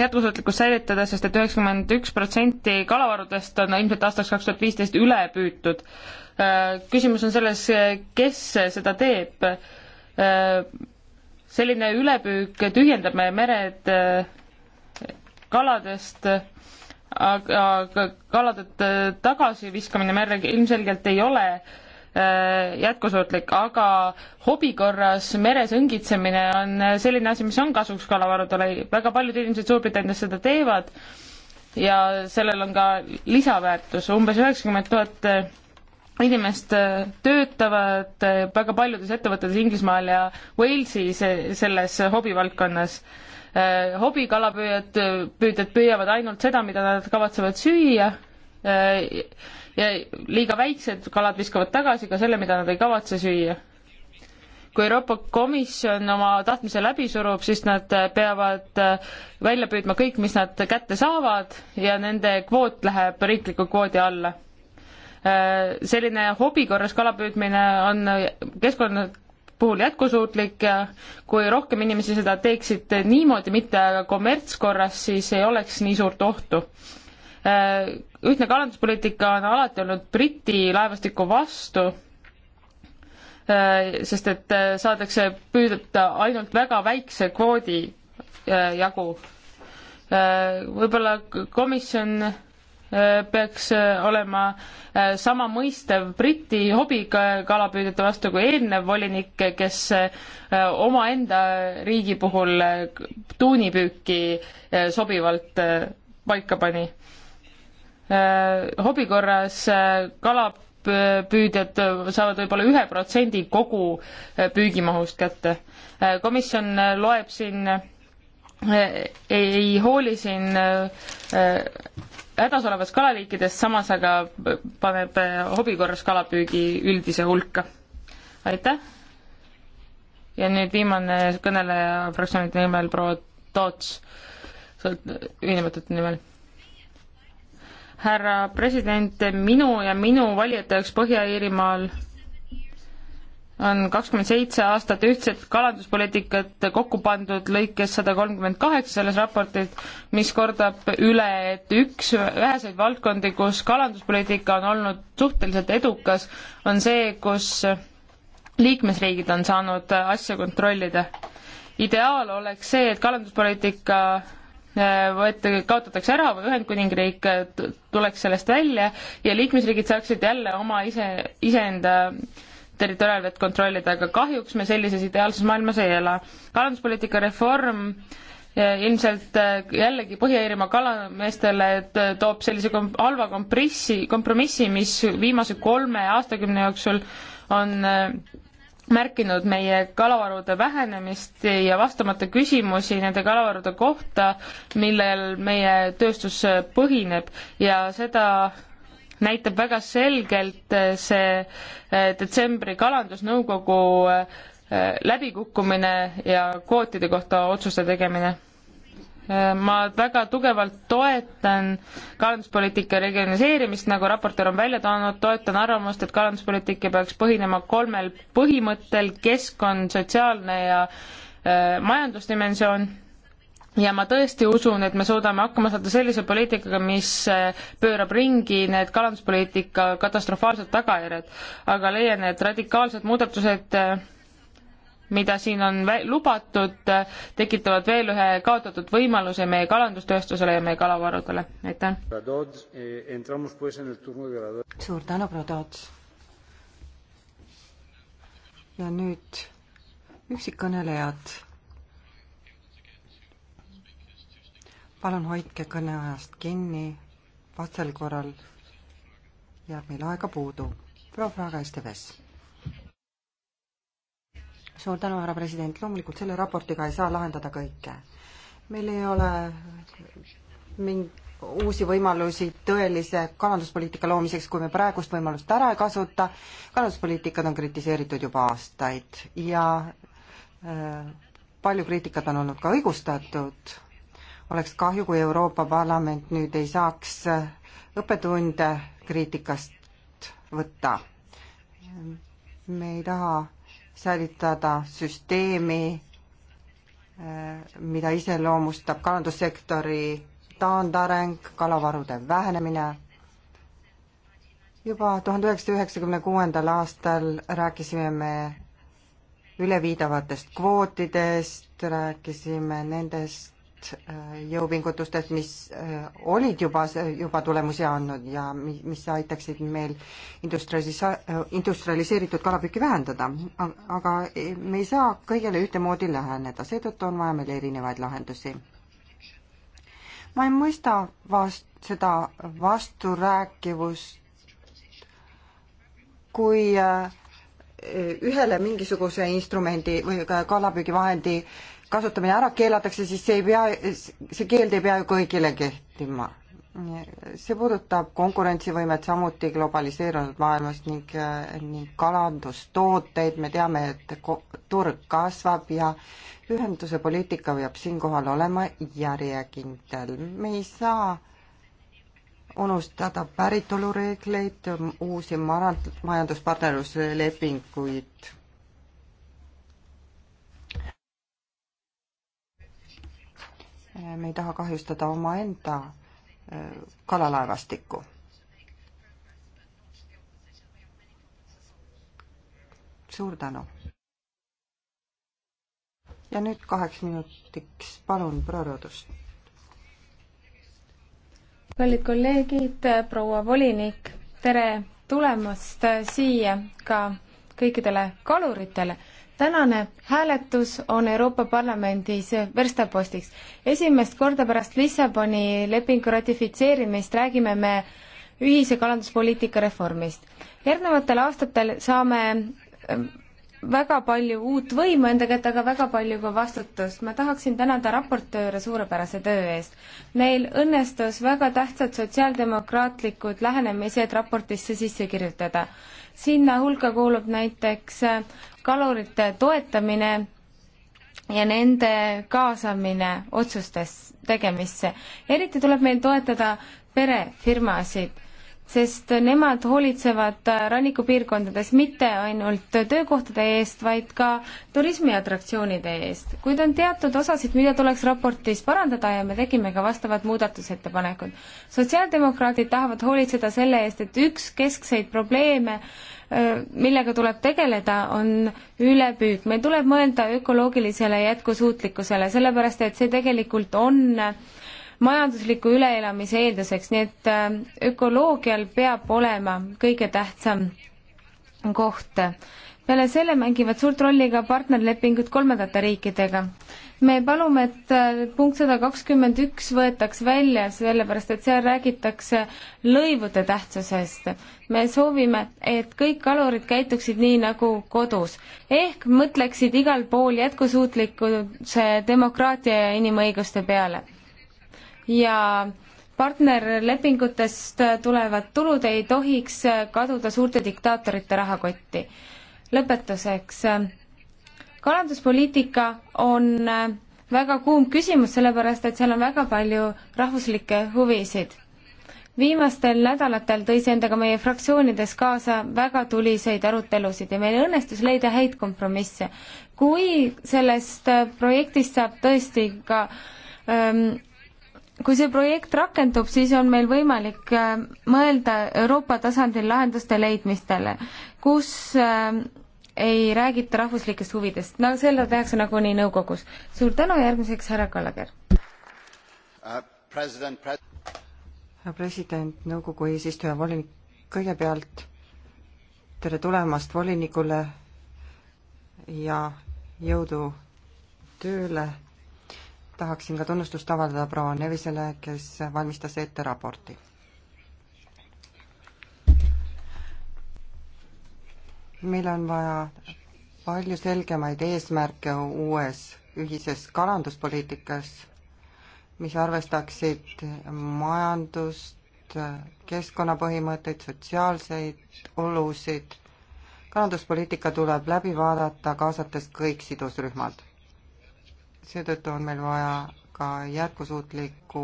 jätkusuutlikkust säilitada, sest et üheksakümmend üks protsenti kalavarudest on ilmselt aastaks kaks tuhat viisteist üle püütud. Äh, küsimus on selles, kes seda teeb. Äh, selline ülepüük tühjendab meie mered äh, kaladest, aga kalade tagasiviskamine merre ilmselgelt ei ole äh, Äh, jätkusuutlik, aga hobi korras meres õngitsemine on äh, selline asi, mis on kasuks kalavarudele, väga paljud inimesed Suurbritannias seda teevad ja sellel on ka lisaväärtus, umbes üheksakümmend tuhat äh, inimest töötavad väga paljudes ettevõtetes Inglismaal ja Walesis selles hobivaldkonnas hobikalapüüjad, püüdjad püüavad ainult seda, mida nad kavatsevad süüa ja liiga väiksed kalad viskavad tagasi ka selle, mida nad ei kavatse süüa. kui Euroopa Komisjon oma tahtmise läbi surub, siis nad peavad äh, välja püüdma kõik, mis nad kätte saavad ja nende kvoot läheb riikliku kvoodi alla äh, selline hobi korras kalapüüdmine on keskkonna puhul jätkusuutlik ja kui rohkem inimesi seda teeksid niimoodi, mitte kommertskorras, siis ei oleks nii suurt ohtu. Äh, ühtne kalanduspoliitika on alati olnud Briti laevastiku vastu, äh, sest et äh, saadakse püüda ainult väga väikse kvoodi äh, jagu. võib-olla komisjon peaks olema sama mõistev Briti hobikalapüüdjate vastu kui eelnev volinik, kes omaenda riigi puhul tuunipüüki sobivalt paika pani. Äh, hobi korras äh, kalapüüdjad äh, saavad võib-olla ühe protsendi kogu püügimahust kätte. komisjon loeb siin, ei hooli siin hädas olevast kalaliikidest, samas aga paneb hobi korras kalapüügi üldise hulka. aitäh! ja nüüd viimane kõneleja fraktsioonide nimel, proua Toots, ühinematute nimel härra president, minu ja minu valijate jaoks Põhja-Iirimaal on kakskümmend seitse aastat ühtset kalanduspoliitikat kokku pandud lõikes sada kolmkümmend kaheksa selles raportis, mis kordab üle, et üks väheseid valdkondi, kus kalanduspoliitika on olnud suhteliselt edukas, on see, kus liikmesriigid on saanud asja kontrollida. ideaal oleks see, et kalanduspoliitika Äh, võet-, kaotatakse ära või Ühendkuningriik äh, tuleks sellest välja ja liikmesriigid saaksid jälle oma ise, iseenda territoriaalvett kontrollida, aga kahjuks me sellises ideaalses maailmas ei ela. kalanduspoliitika reform äh, ilmselt jällegi Põhja-Iirimaa kalameestele toob sellise kom-, halva kompressi, kompromissi, mis viimase kolme aastakümne jooksul on märkinud meie kalavarude vähenemist ja vastamata küsimusi nende kalavarude kohta, millel meie tööstus põhineb ja seda näitab väga selgelt see eh, detsembri kalandusnõukogu eh, läbikukkumine ja kvootide kohta otsuste tegemine ma väga tugevalt toetan kalanduspoliitika regionaliseerimist, nagu raportöör on välja toonud, toetan arvamust, et kalanduspoliitika peaks põhinema kolmel põhimõttel, keskkond, sotsiaalne ja äh, majandusdimensioon, ja ma tõesti usun, et me suudame hakkama saada sellise poliitikaga, mis äh, pöörab ringi need kalanduspoliitika katastrofaalsed tagajärjed, aga leian, et radikaalsed muudatused äh, mida siin on lubatud, tekitavad veel ühe kaotatud võimaluse meie kalandustööstusele ja meie kalavarudele. aitäh! Eh, suur tänu, proua Toots! ja nüüd üksikkõnelejad. palun hoidke kõneajast kinni, vastasel korral jääb meil aega puudu. proua Fraga Esteves suur tänu, härra president, loomulikult selle raportiga ei saa lahendada kõike. meil ei ole ming-, uusi võimalusi tõelise kalanduspoliitika loomiseks, kui me praegust võimalust ära ei kasuta. kalanduspoliitikat on kritiseeritud juba aastaid ja äh, palju kriitikat on olnud ka õigustatud. oleks kahju, kui Euroopa Parlament nüüd ei saaks äh, õppetunde kriitikast võtta. me ei taha säilitada süsteemi, äh, mida iseloomustab kalandussektori taandareng, kalavarude vähenemine. juba tuhande üheksasaja üheksakümne kuuendal aastal rääkisime me üleviidavatest kvootidest, rääkisime nendest Äh, jõupingutustest, mis äh, olid juba, juba tulemusi andnud ja mis, mis aitaksid meil industrialisa-, äh, industrialiseeritud kalapüüki vähendada. aga e, me ei saa kõigele ühtemoodi läheneda, seetõttu on vaja meil erinevaid lahendusi. ma ei mõista vast-, seda vasturääkivust, kui ühele mingisuguse instrumendi või kalapüügivahendi äh, kasutamine ära keelatakse, siis see ei pea, see keeld ei pea ju kõigile kehtima. see puudutab konkurentsivõimet samuti globaliseerunud maailmas ning, ning kalandustooteid, me teame, et turg kasvab ja ühenduse poliitika peab siinkohal olema järjekindel. me ei saa unustada päritolureegleid, uusi majanduspartnerluslepinguid Eh, me ei taha kahjustada omaenda eh, kalalaevastikku. suur tänu. ja nüüd kaheks minutiks palun prorodust. kallid kolleegid, proua volinik, tere tulemast siia ka kõikidele kaluritele tänane hääletus on Euroopa Parlamendis verstapostiks. esimest korda pärast Lissaboni lepingu ratifitseerimist räägime me ühise kalanduspoliitika reformist. järgnevatel aastatel saame ähm, väga palju uut võimu enda kätte, aga väga palju ka vastutust. ma tahaksin tänada raportööre suurepärase töö eest. Neil õnnestus väga tähtsad sotsiaaldemokraatlikud lähenemised raportisse sisse kirjutada sinna hulka kuulub näiteks äh, kalurite toetamine ja nende kaasamine otsustes tegemisse. eriti tuleb meil toetada perefirmasid sest nemad hoolitsevad äh, rannikupiirkondades mitte ainult töökohtade eest, vaid ka turismiatraktsioonide eest. kuid on teatud osasid, mida tuleks raportis parandada ja me tegime ka vastavad muudatusettepanekud. sotsiaaldemokraadid tahavad hoolitseda selle eest, et üks keskseid probleeme äh, millega tuleb tegeleda, on ülepüük. meil tuleb mõelda ökoloogilisele jätkusuutlikkusele, sellepärast et see tegelikult on äh, majandusliku üleelamise eelduseks, nii et äh, ökoloogial peab olema kõige tähtsam koht. peale selle mängivad suurt rolli ka partnerlepingud kolmandate riikidega. me palume, et äh, punkt sada kakskümmend üks võetaks välja, sellepärast et seal räägitakse lõivude tähtsusest. me soovime, et kõik kalurid käituksid nii nagu kodus ehk mõtleksid igal pool jätkusuutlikkuse, demokraatia ja inimõiguste peale ja partnerlepingutest tulevad tulud ei tohiks kaduda suurte diktaatorite rahakotti. lõpetuseks, kalanduspoliitika on väga kuum küsimus, sellepärast et seal on väga palju rahvuslikke huvisid. viimastel nädalatel tõi see endaga meie fraktsioonides kaasa väga tuliseid arutelusid ja meil õnnestus leida häid kompromisse. kui sellest projektist saab tõesti ka ähm, kui see projekt rakendub, siis on meil võimalik äh, mõelda Euroopa tasandil lahenduste leidmistele, kus äh, ei räägita rahvuslikest huvidest, no seda tehakse nagunii nõukogus. suur tänu, järgmiseks härra Kallager uh,. president, pre president, nõukogu eesistuja, volinik, kõigepealt tere tulemast volinikule ja jõudu tööle tahaksin ka tunnustust avaldada proua Nevisele, kes valmistas ette raporti. meil on vaja palju selgemaid eesmärke uues ühises kalanduspoliitikas, mis arvestaksid majandust, keskkonnapõhimõtteid, sotsiaalseid olusid. kalanduspoliitika tuleb läbi vaadata, kaasates kõik sidusrühmad seetõttu on meil vaja ka jätkusuutlikku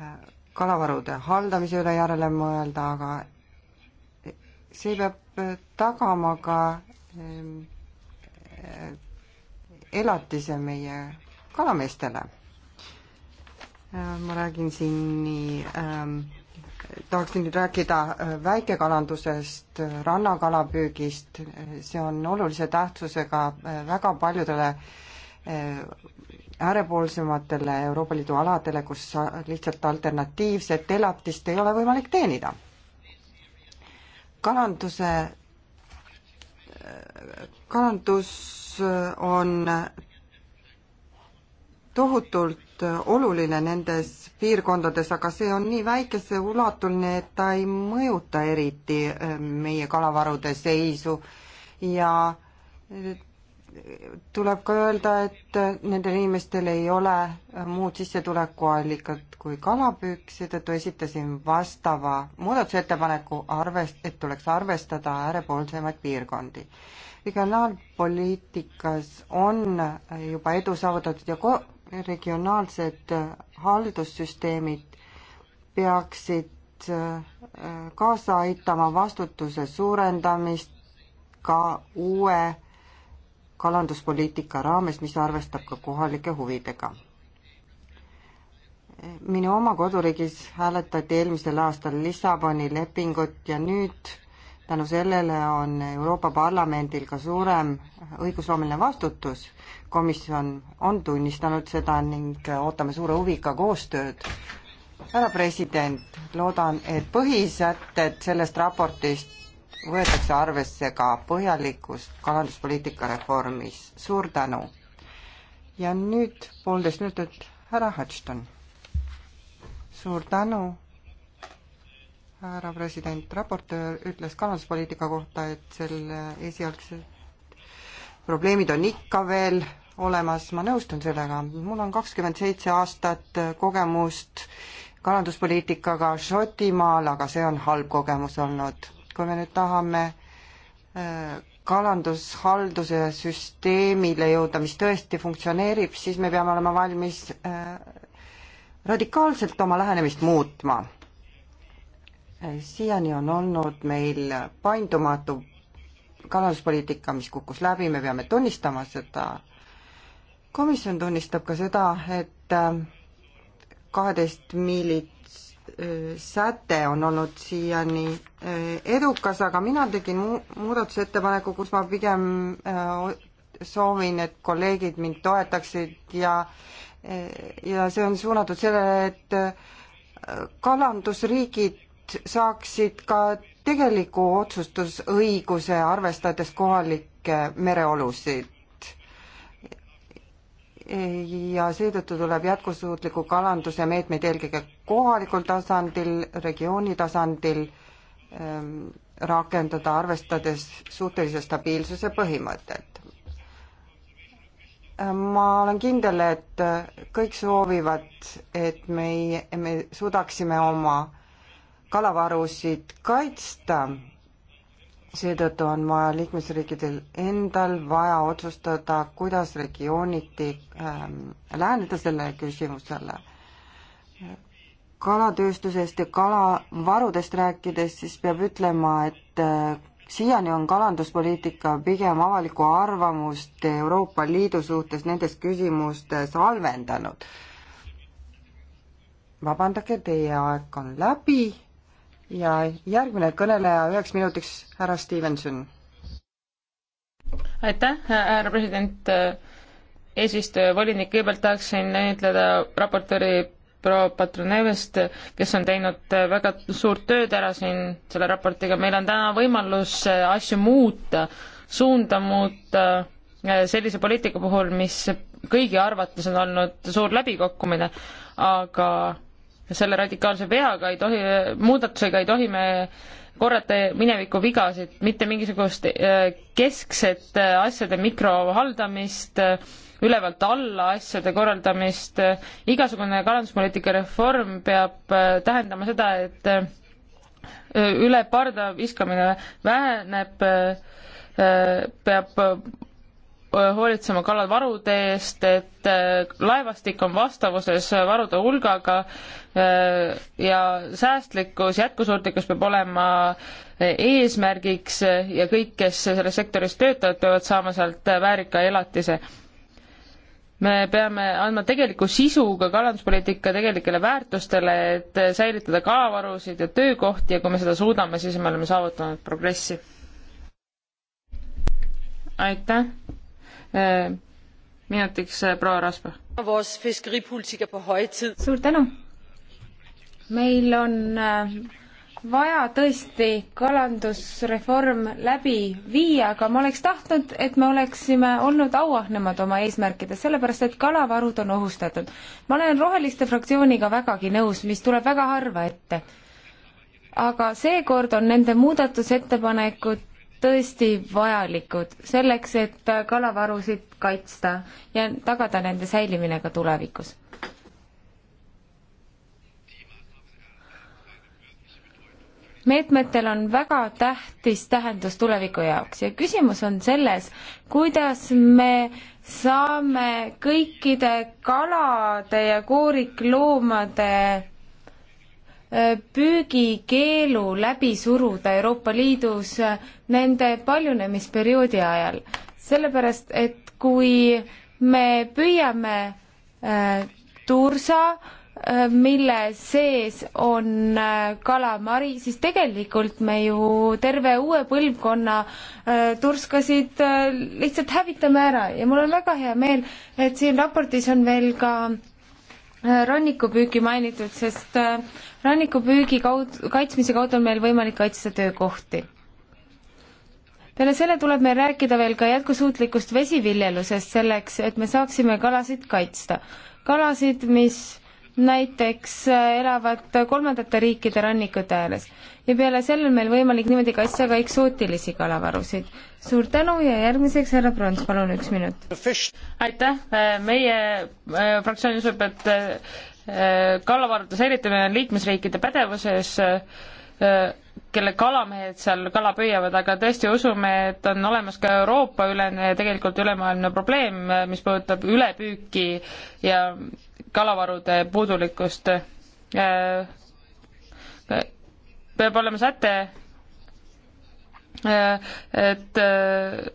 äh, kalavarude haldamise üle järele mõelda, aga see peab äh, tagama ka ähm, äh, elatise meie kalameestele. ma räägin siin nii ähm, tahaksin nüüd rääkida äh, väikekalandusest, äh, rannakalapüügist, see on olulise tähtsusega äh, väga paljudele äärepoolsematele Euroopa Liidu aladele, kus lihtsalt alternatiivset elatist ei ole võimalik teenida. kalanduse, kalandus on tohutult Äh, oluline nendes piirkondades, aga see on nii väikeseulatuline, et ta ei mõjuta eriti äh, meie kalavarude seisu ja äh, tuleb ka öelda, et nendel inimestel ei ole muud sissetulekuallikat kui kalapüük, seetõttu esitasin vastava muudatusettepaneku arvest-, et tuleks arvestada äärepoolsemaid piirkondi regionaalpoliitikas on juba edu saavutatud ja ko-, regionaalsed haldussüsteemid peaksid äh, kaasa aitama vastutuse suurendamist ka uue kalanduspoliitika raames, mis arvestab ka kohalike huvidega. minu oma koduriigis hääletati eelmisel aastal Lissaboni lepingut ja nüüd tänu sellele on Euroopa Parlamendil ka suurem õigusloomeline vastutus. komisjon on tunnistanud seda ning ootame suure huviga koostööd. härra president, loodan, et põhisätted sellest raportist võetakse arvesse ka põhjalikus kalanduspoliitika reformis. suur tänu! ja nüüd poolteist minutit, härra Hatchton. suur tänu! härra president, raportöör ütles kalanduspoliitika kohta, et selle esialgsed probleemid on ikka veel olemas, ma nõustun sellega, mul on kakskümmend seitse aastat kogemust kalanduspoliitikaga Šotimaal, aga see on halb kogemus olnud. kui me nüüd tahame äh, kalandushalduse süsteemile jõuda, mis tõesti funktsioneerib, siis me peame olema valmis äh, radikaalselt oma lähenemist muutma siiani on olnud meil paindumatu kalanduspoliitika, mis kukkus läbi, me peame tunnistama seda. komisjon tunnistab ka seda, et äh, kaheteist miilit äh, säte on olnud siiani äh, edukas, aga mina tegin mu-, muudatusettepaneku, kus ma pigem soovin, et kolleegid mind toetaksid ja ja see on suunatud sellele, et kalandusriigid saaksid ka tegeliku otsustusõiguse, arvestades kohalikke mereolusid. ja seetõttu tuleb jätkusuutliku kalanduse meetmeid eelkõige kohalikul tasandil, regiooni tasandil ähm, rakendada, arvestades suhtelise stabiilsuse põhimõtet ma olen kindel, et kõik soovivad, et meie, me suudaksime oma kalavarusid kaitsta, seetõttu on vaja liikmesriikidel endal vaja otsustada, kuidas regiooniti ähm, läheneda sellele küsimusele. kalatööstusest ja kalavarudest rääkides, siis peab ütlema, et äh, siiani on kalanduspoliitika pigem avalikku arvamust Euroopa Liidu suhtes nendes küsimustes halvendanud. vabandage, teie aeg on läbi ja järgmine kõneleja üheks minutiks, härra Stevenson. aitäh, härra president, eesistuja, volinik, kõigepealt tahaksin ütleda raportööri proua Patronevest, kes on teinud väga suurt tööd ära siin selle raportiga, meil on täna võimalus asju muuta, suunda muuta sellise poliitika puhul, mis kõigi arvates on olnud suur läbikukkumine, aga selle radikaalse veaga ei tohi, muudatusega ei tohi me korrata mineviku vigasid, mitte mingisugust äh, keskset äh, asjade mikrohaldamist, äh, ülevalt alla asjade korraldamist, igasugune kalanduspoliitika reform peab tähendama seda, et üle parda viskamine väheneb, peab Äh, hoolitsema kalavarude eest, et äh, laevastik on vastavuses varude hulgaga äh, ja säästlikkus, jätkusuutlikkus peab olema eesmärgiks ja kõik, kes selles sektoris töötavad, peavad saama sealt väärika elatise. me peame andma tegeliku sisu ka kalanduspoliitika tegelikele väärtustele, et säilitada kalavarusid ja töökohti ja kui me seda suudame, siis me oleme saavutanud progressi. aitäh! Eh, minutiks eh, proua Raspa. suur tänu. meil on eh, vaja tõesti kalandusreform läbi viia, aga ma oleks tahtnud, et me oleksime olnud auahnemad oma eesmärkides, sellepärast et kalavarud on ohustatud. ma olen Roheliste fraktsiooniga vägagi nõus, mis tuleb väga harva ette. aga seekord on nende muudatusettepanekud tõesti vajalikud selleks, et kalavarusid kaitsta ja tagada nende säilimine ka tulevikus. meetmetel on väga tähtis tähendus tuleviku jaoks ja küsimus on selles, kuidas me saame kõikide kalade ja koorikloomade püügikeelu läbi suruda Euroopa Liidus nende paljunemisperioodi ajal. sellepärast, et kui me püüame äh, tursa, äh, mille sees on äh, kalamari, siis tegelikult me ju terve uue põlvkonna äh, turskasid lihtsalt hävitame ära ja mul on väga hea meel, et siin raportis on veel ka Äh, rannikupüüki mainitud, sest äh, rannikupüügi kaud-, kaitsmise kaudu on meil võimalik kaitsta töökohti. peale selle tuleb meil rääkida veel ka jätkusuutlikust vesiviljelusest selleks, et me saaksime kalasid kaitsta. kalasid, mis näiteks äh, elavad kolmandate riikide rannikute ääres. ja peale selle on meil võimalik niimoodi kaitsta ka eksootilisi kalavarusid. suur tänu ja järgmiseks härra Prants, palun üks minut. aitäh, äh, meie äh, fraktsioon usub, et kalavarude säilitamine on liikmesriikide pädevuses kelle kalamehed seal kala püüavad, aga tõesti usume, et on olemas ka Euroopa-ülene ja tegelikult ülemaailmne probleem, mis puudutab ülepüüki ja kalavarude puudulikkust. Äh, peab olema säte, äh, et äh,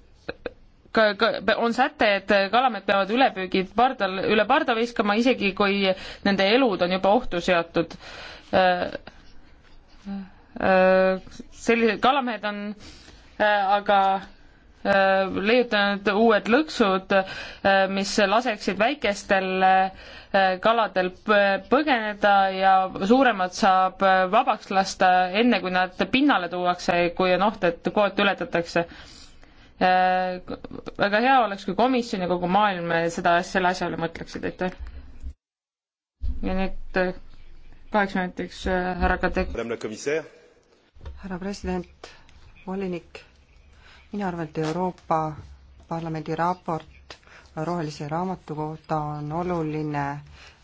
ka, ka, on säte, et kalamehed peavad ülepüügid pardal, üle parda viskama, isegi kui nende elud on juba ohtu seatud. sellised kalamehed on aga Äh, leiutanud uued lõksud, äh, mis laseksid väikestel äh, kaladel põgeneda ja suuremad saab vabaks lasta enne, kui nad pinnale tuuakse, kui on oht, et kvoot ületatakse väga hea oleks, kui komisjon ja kogu maailm seda, selle asja üle mõtleksid, aitäh. ja nüüd kaheks minutiks härra Kadek. härra president, volinik, mina arvan, et Euroopa Parlamendi raport rohelise raamatu kohta on oluline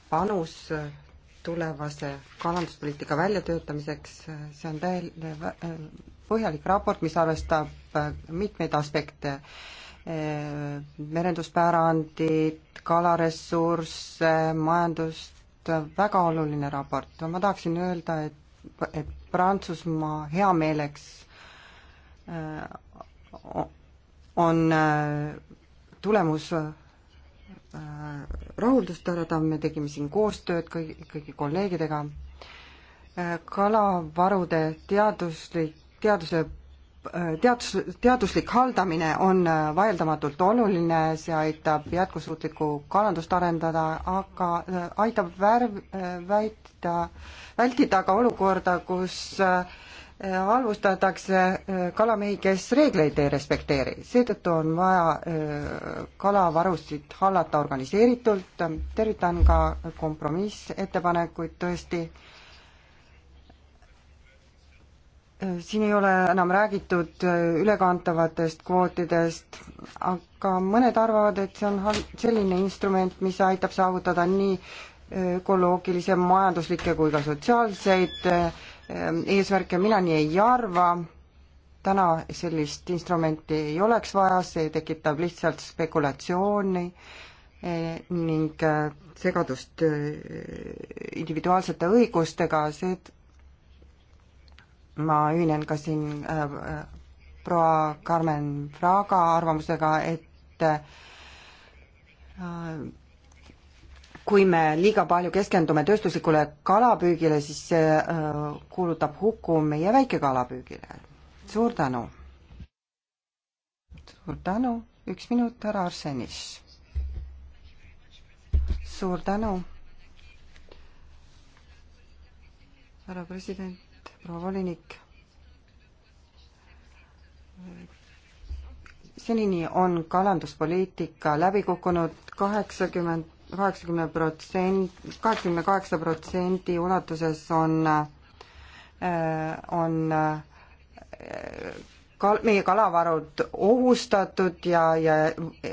panus tulevase kalanduspoliitika väljatöötamiseks, see on täie-, põhjalik raport, mis arvestab äh, mitmeid aspekte, äh, merenduspärandit, kalaressursse, majandust, äh, väga oluline raport. ma tahaksin öelda, et, et Prantsusmaa hea meeleks on äh, tulemus äh, rahuldustõrjuda, me tegime siin koostööd kõigi, kõigi kolleegidega, äh, kalavarude teaduslik, teaduse teadus, teaduslik haldamine on vaieldamatult oluline, see aitab jätkusuutlikku kalandust arendada, aga aitab värv, väita, vältida ka olukorda, kus äh, halvustatakse äh, kalamehi, kes reegleid ei respekteeri. seetõttu on vaja äh, kalavarusid hallata organiseeritult, tervitan ka kompromissettepanekuid tõesti, äh, siin ei ole enam räägitud ülekantavatest kvootidest, aga mõned arvavad, et see on hal-, selline instrument, mis aitab saavutada nii ökoloogilisi, majanduslikke kui ka sotsiaalseid äh, Ehm, eesmärke, mina nii ei arva, täna sellist instrumenti ei oleks vaja, see tekitab lihtsalt spekulatsiooni eh, ning eh, segadust eh, individuaalsete õigustega, see, et ma ühinen ka siin proua Carmen Fraga arvamusega, et kui me liiga palju keskendume tööstuslikule kalapüügile, siis see äh, kuulutab hukku meie väikekalapüügile. suur tänu! suur tänu, üks minut, härra Arsenis. suur tänu, härra president, proua volinik. senini on kalanduspoliitika läbi kukkunud kaheksakümmend kaheksakümne protsent, kaheksakümne kaheksa protsendi ulatuses on, on kal-, meie kalavarud ohustatud ja, ja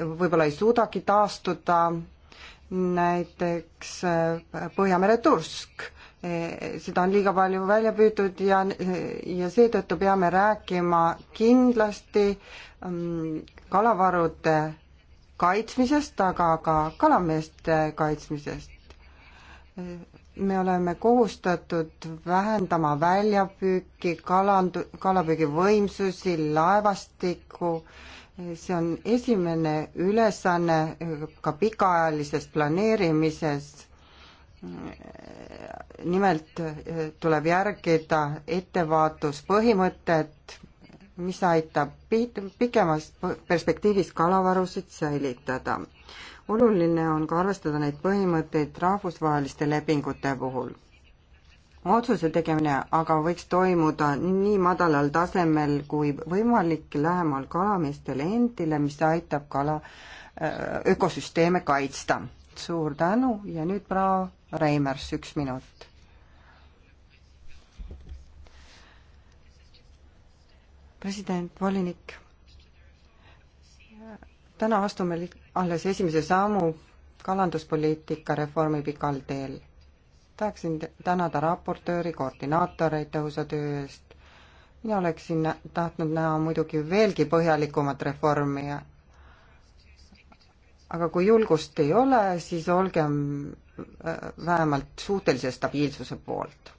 võib-olla ei suudagi taastuda, näiteks Põhjamere tursk, seda on liiga palju välja püütud ja, ja seetõttu peame rääkima kindlasti mm, kalavarude kaitsmisest, aga ka kalameeste kaitsmisest. me oleme kohustatud vähendama väljapüüki, kalandu-, kalapüügivõimsusi, laevastikku, see on esimene ülesanne ka pikaajalises planeerimises. nimelt tuleb järgida ettevaatuspõhimõtet mis aitab pikemas perspektiivis kalavarusid säilitada. oluline on ka arvestada neid põhimõtteid rahvusvaheliste lepingute puhul. otsuse tegemine aga võiks toimuda nii madalal tasemel kui võimalik lähemal kalameestele endile, mis aitab kala ökosüsteeme kaitsta. suur tänu ja nüüd proua Reimers, üks minut president, volinik, täna astume alles esimese sammu kalanduspoliitika reformi pikal teel. tahaksin tänada raportööri, koordinaatoreid tõhusa töö eest. mina oleksin tahtnud näha muidugi veelgi põhjalikumat reformi ja aga kui julgust ei ole, siis olgem äh, vähemalt suhtelise stabiilsuse poolt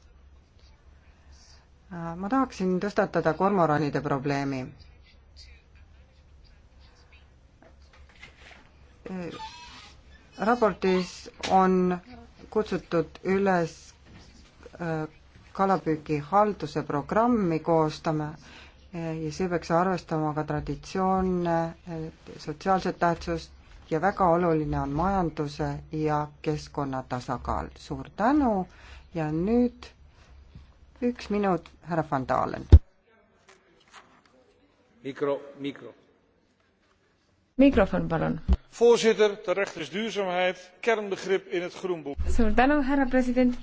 ma tahaksin tõstatada kormoranide probleemi. raportis on kutsutud üles äh, kalapüügi halduse programmi koostama äh, ja see peaks arvestama ka traditsioone, äh, sotsiaalset tähtsust ja väga oluline on majanduse ja keskkonna tasakaal. suur tänu ja nüüd üks minut, härra Van Dalen. mikro, mikro. mikrofon, palun. voorzitter, terecht is duurzaamheid kernbegrip in het groenboek. suur tänu, härra president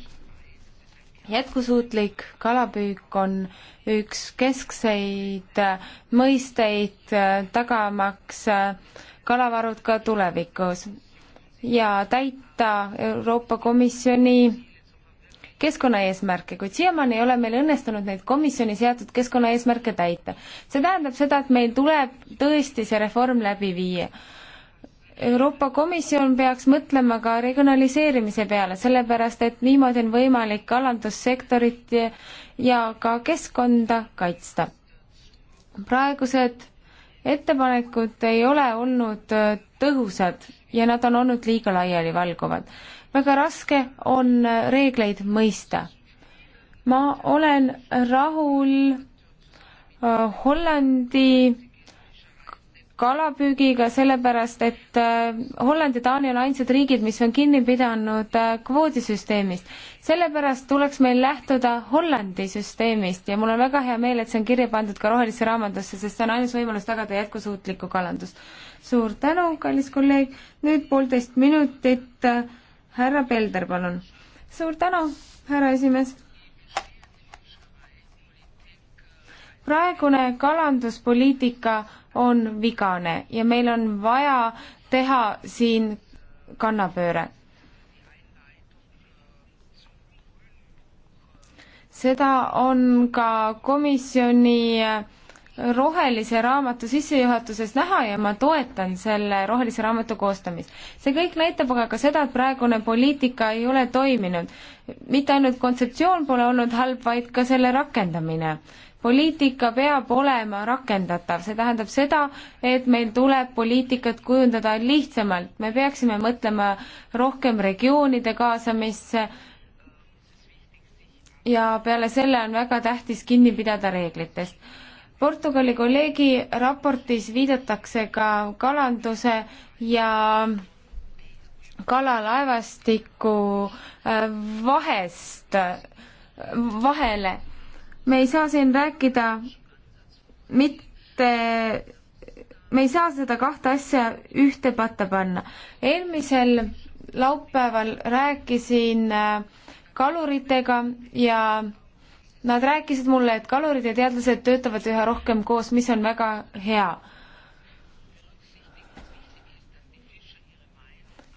jätkusuutlik kalapüük on üks keskseid mõisteid äh, tagamaks äh, kalavarud ka tulevikus ja täita Euroopa Komisjoni keskkonnaeesmärke, kuid siiamaani ei ole meil õnnestunud neid komisjoni seatud keskkonnaeesmärke täita. see tähendab seda, et meil tuleb tõesti see reform läbi viia Euroopa Komisjon peaks mõtlema ka regionaliseerimise peale, sellepärast et niimoodi on võimalik kalandussektorit ja ka keskkonda kaitsta. praegused ettepanekud ei ole olnud äh, tõhusad ja nad on olnud liiga laialivalguvad väga raske on reegleid mõista. ma olen rahul äh, Hollandi kalapüügiga, sellepärast et äh, Holland ja Taani on ainsad riigid, mis on kinni pidanud äh, kvoodisüsteemist. sellepärast tuleks meil lähtuda Hollandi süsteemist ja mul on väga hea meel, et see on kirja pandud ka rohelisse raamatusse, sest see on ainus võimalus tagada jätkusuutlikku kalandust. suur tänu, kallis kolleeg, nüüd poolteist minutit härra Pelder, palun. suur tänu, härra esimees. praegune kalanduspoliitika on vigane ja meil on vaja teha siin kannapööre. seda on ka komisjoni äh, rohelise raamatu sissejuhatuses näha ja ma toetan selle rohelise raamatu koostamist. see kõik näitab aga ka seda, et praegune poliitika ei ole toiminud. mitte ainult kontseptsioon pole olnud halb, vaid ka selle rakendamine. poliitika peab olema rakendatav, see tähendab seda, et meil tuleb poliitikat kujundada lihtsamalt, me peaksime mõtlema rohkem regioonide kaasamisse, ja peale selle on väga tähtis kinni pidada reeglitest Portugali kolleegi raportis viidatakse ka kalanduse ja kalalaevastiku äh, vahest, äh, vahele. me ei saa siin rääkida mitte, me ei saa seda kahte asja ühte patta panna. eelmisel laupäeval rääkisin äh, kaluritega ja Nad rääkisid mulle, et kalurid ja teadlased töötavad üha rohkem koos, mis on väga hea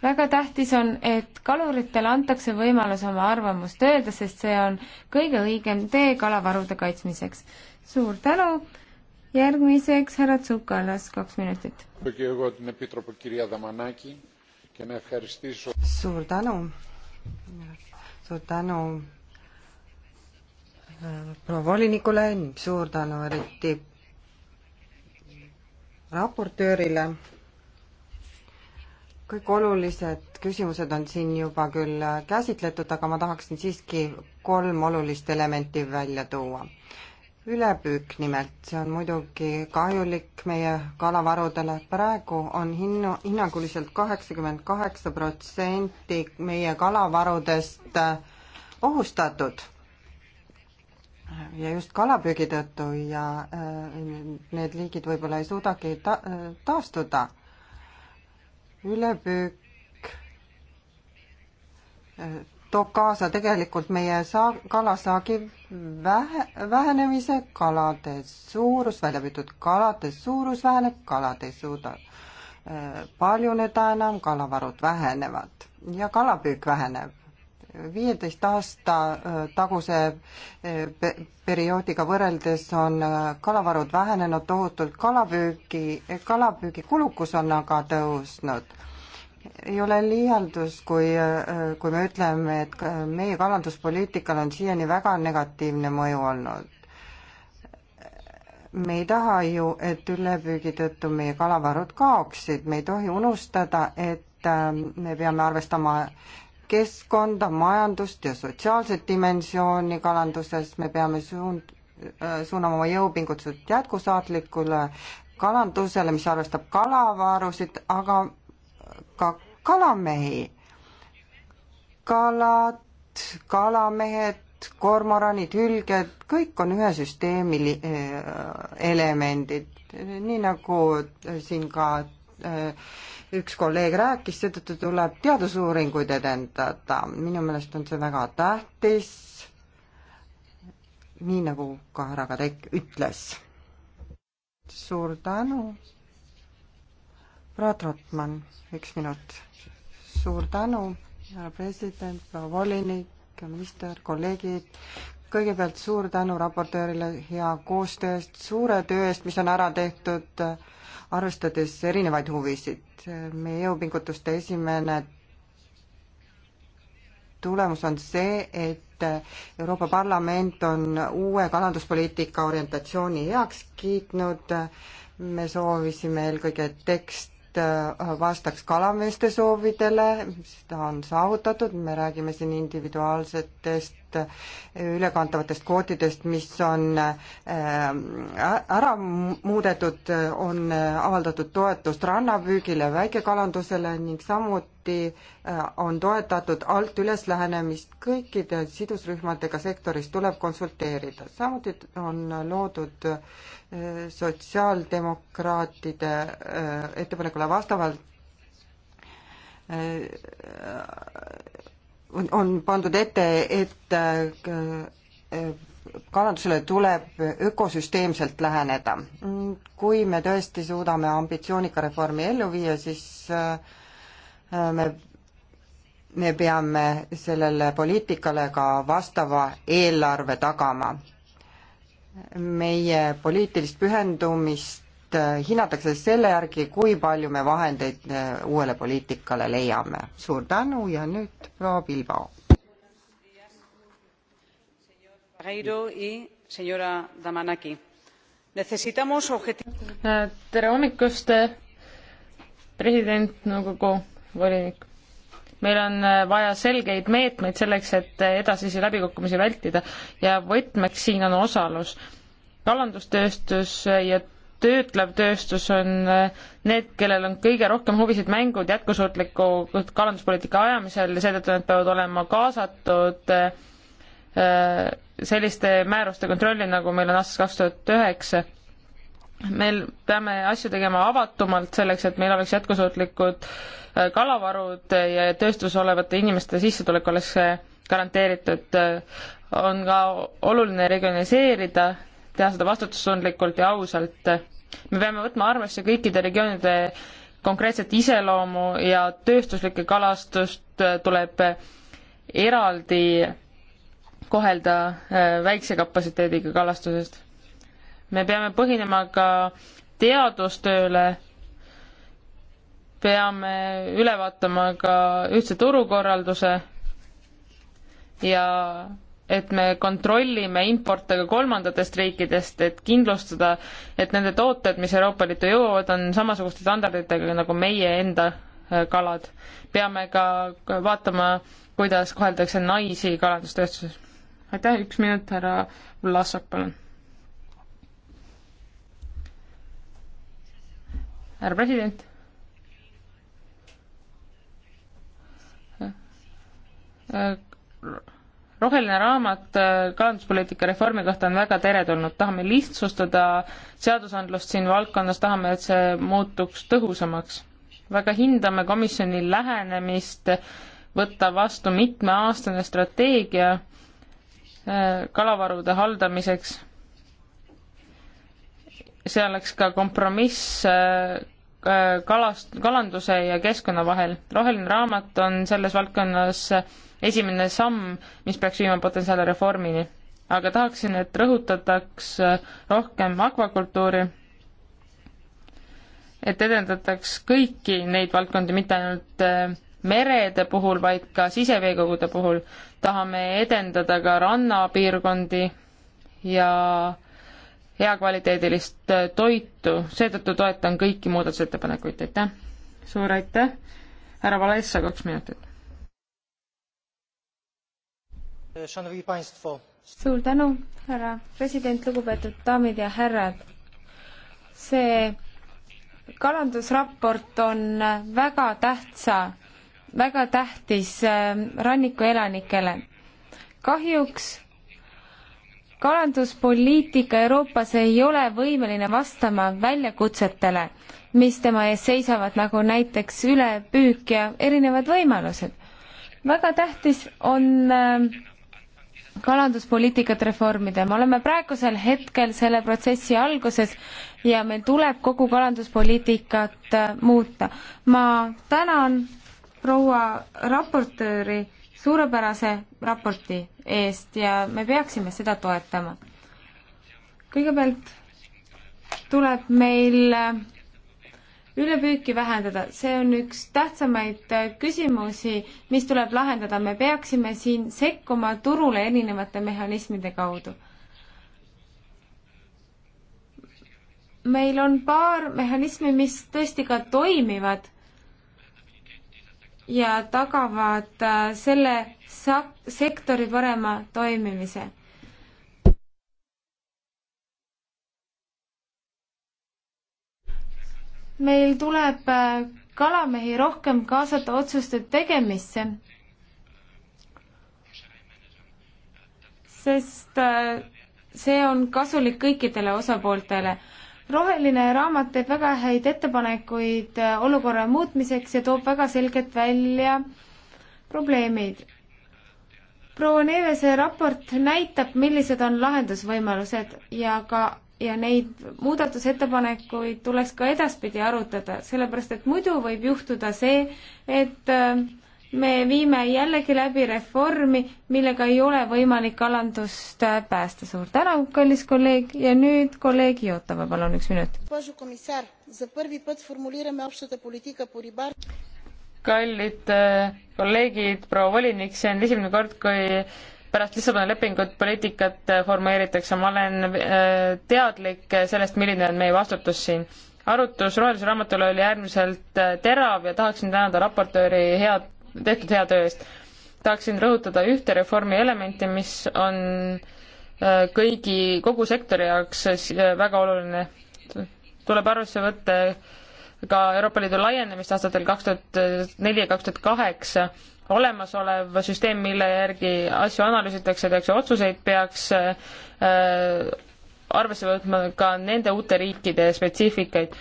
väga tähtis on, et kaluritele antakse võimalus oma arvamust öelda, sest see on kõige õigem tee kalavarude kaitsmiseks. suur tänu, järgmiseks härra Tsukalas, kaks minutit. suur tänu, suur tänu proua volinikule ning suur tänu eriti raportöörile. kõik olulised küsimused on siin juba küll käsitletud, aga ma tahaksin siiski kolm olulist elementi välja tuua. ülepüük nimelt, see on muidugi kahjulik meie kalavarudele, praegu on hinnu, hinnanguliselt kaheksakümmend kaheksa protsenti meie kalavarudest ohustatud ja just kalapüügi tõttu ja äh, need liigid võib-olla ei suudagi ta-, äh, taastuda. ülepüük äh, toob kaasa tegelikult meie saa-, kalasaagi vähe, vähenemise, kalade suurus, välja püütud kalade suurus väheneb, kalad ei suuda paljuneda enam, kalavarud vähenevad ja kalapüük väheneb viieteist aasta äh, taguse äh, perioodiga võrreldes on äh, kalavarud vähenenud tohutult, kalapüügi, kalapüügi kulukus on aga tõusnud. ei ole liialdus, kui, kui me ütleme, et meie kalanduspoliitikal on siiani väga negatiivne mõju olnud. me ei taha ju, et ülepüügi tõttu meie kalavarud kaoksid, me ei tohi unustada, et me peame arvestama keskkonda, majandust ja sotsiaalset dimensiooni kalanduses, me peame suund-, äh, suunama oma jõupingutused jätkusaatlikule kalandusele, mis arvestab kalavarusid, aga ka kalamehi. kalad, kalamehed, kormoranid, hülged, kõik on ühe süsteemi äh, elemendid, nii nagu siin ka üks kolleeg rääkis, seetõttu tuleb teadusuuringuid edendada. minu meelest on see väga tähtis, nii nagu ka härra Kadek ütles. suur tänu. Raad Rotman, üks minut. suur tänu, härra president, proua volinik, minister, kolleegid, kõigepealt suur tänu raportöörile hea koostöö eest, suure töö eest, mis on ära tehtud äh, arvestades erinevaid huvisid. meie jõupingutuste esimene tulemus on see, et Euroopa Parlament on uue kalanduspoliitika orientatsiooni heaks kiitnud, me soovisime eelkõige tekst Äh, vastaks kalameeste soovidele, mis on saavutatud, me räägime siin individuaalsetest äh, ülekantavatest kvootidest, mis on äh, ära muudetud, on avaldatud toetust rannapüügile, väikekalandusele ning samuti samuti äh, on toetatud alt üles lähenemist kõikide sidusrühmadega sektoris tuleb konsulteerida. samuti on loodud äh, sotsiaaldemokraatide äh, ettepanekule vastavalt on, on pandud ette, et kalandusele tuleb ökosüsteemselt läheneda. kui me tõesti suudame ambitsioonika reformi ellu viia, siis me, me peame sellele poliitikale ka vastava eelarve tagama. meie poliitilist pühendumist äh, hinnatakse selle järgi, kui palju me vahendeid äh, uuele poliitikale leiame. suur tänu ja nüüd proua Bilbao. Äh, tere hommikust, president nõukogu volinik. meil on äh, vaja selgeid meetmeid selleks, et äh, edasisi läbikukkumisi vältida ja võtmeks siin on osalus. kalandustööstus äh, ja töötlev tööstus on need, kellel on kõige rohkem huvisid mängud jätkusuutliku kalanduspoliitika ajamisel ja seetõttu nad peavad olema kaasatud selliste määruste kontrolli, nagu meil on aastast kaks tuhat üheksa meil peame asju tegema avatumalt selleks, et meil oleks jätkusuutlikud äh, kalavarud ja tööstus olevate inimeste sissetulek oleks äh, garanteeritud. Äh, on ka oluline regionaliseerida, teha seda vastutustundlikult ja ausalt. me peame võtma arvesse kõikide regioonide konkreetset iseloomu ja tööstuslikku kalastust tuleb eraldi kohelda väikse kapatsiteediga kalastusest me peame põhinema ka teadustööle, peame üle vaatama ka ühtse turukorralduse ja et me kontrollime importe ka kolmandatest riikidest, et kindlustada, et nende tooted, mis Euroopa Liitu jõuavad, on samasuguste standarditega nagu meie enda äh, kalad. peame ka vaatama, kuidas koheldakse naisi kalandustööstuses. aitäh, üks minut, härra Vlasak, palun härra president. roheline raamat äh, kalanduspoliitika reformi kohta on väga teretulnud, tahame lihtsustada seadusandlust siin valdkonnas, tahame, et see muutuks tõhusamaks. väga hindame komisjoni lähenemist võtta vastu mitmeaastane strateegia äh, kalavarude haldamiseks see oleks ka kompromiss äh, äh, kalast, kalanduse ja keskkonna vahel. roheline raamat on selles valdkonnas esimene samm, mis peaks viima potentsiaalne reformini. aga tahaksin, et rõhutataks äh, rohkem akvakultuuri, et edendataks kõiki neid valdkondi, mitte ainult merede puhul, vaid ka siseveekogude puhul. tahame edendada ka rannapiirkondi ja äh, heakvaliteedilist äh, toitu, seetõttu toetan kõiki muudatusettepanekuid, aitäh! suur aitäh, härra Valessa, kaks minutit. suur tänu, härra president, lugupeetud daamid ja härrad. see kalandusraport on väga tähtsa, väga tähtis äh, rannikuelanikele. kahjuks kalanduspoliitika Euroopas ei ole võimeline vastama väljakutsetele, mis tema ees seisavad, nagu näiteks ülepüük ja erinevad võimalused. väga tähtis on äh, kalanduspoliitikat reformida, me oleme praegusel hetkel selle protsessi alguses ja meil tuleb kogu kalanduspoliitikat äh, muuta. ma tänan proua raportööri suurepärase raporti eest ja me peaksime seda toetama. kõigepealt tuleb meil äh, ülepüüki vähendada, see on üks tähtsamaid äh, küsimusi, mis tuleb lahendada, me peaksime siin sekkuma turule erinevate mehhanismide kaudu. meil on paar mehhanismi, mis tõesti ka toimivad ja tagavad äh, selle sa-, sektori parema toimimise. meil tuleb äh, kalamehi rohkem kaasata otsuste tegemisse, sest äh, see on kasulik kõikidele osapooltele roheline raamat teeb väga häid ettepanekuid äh, olukorra muutmiseks ja toob väga selgelt välja probleemid. proua Neevese raport näitab, millised on lahendusvõimalused ja ka, ja neid muudatusettepanekuid tuleks ka edaspidi arutada, sellepärast et muidu võib juhtuda see, et äh, me viime jällegi läbi reformi, millega ei ole võimalik alandust äh, päästa. suur tänu, kallis kolleeg ja nüüd kolleeg Jotova, palun üks minut. kallid äh, kolleegid, proua volinik, see on esimene kord, kui pärast Lissaboni lepingut poliitikat äh, formeeritakse, ma olen teadlik sellest, milline on meie vastutus siin arutlus rohelise raamatule oli äärmiselt terav ja tahaksin tänada raportööri head tehtud hea töö eest. tahaksin rõhutada ühte reformi elementi, mis on äh, kõigi, kogu sektori jaoks äh, äh, väga oluline. tuleb arvesse võtta ka Euroopa Liidu laienemist aastatel kaks tuhat neli ja kaks tuhat kaheksa olemasolev süsteem, mille järgi asju analüüsitakse, tehakse otsuseid, peaks äh, arvesse võtma ka nende uute riikide spetsiifikaid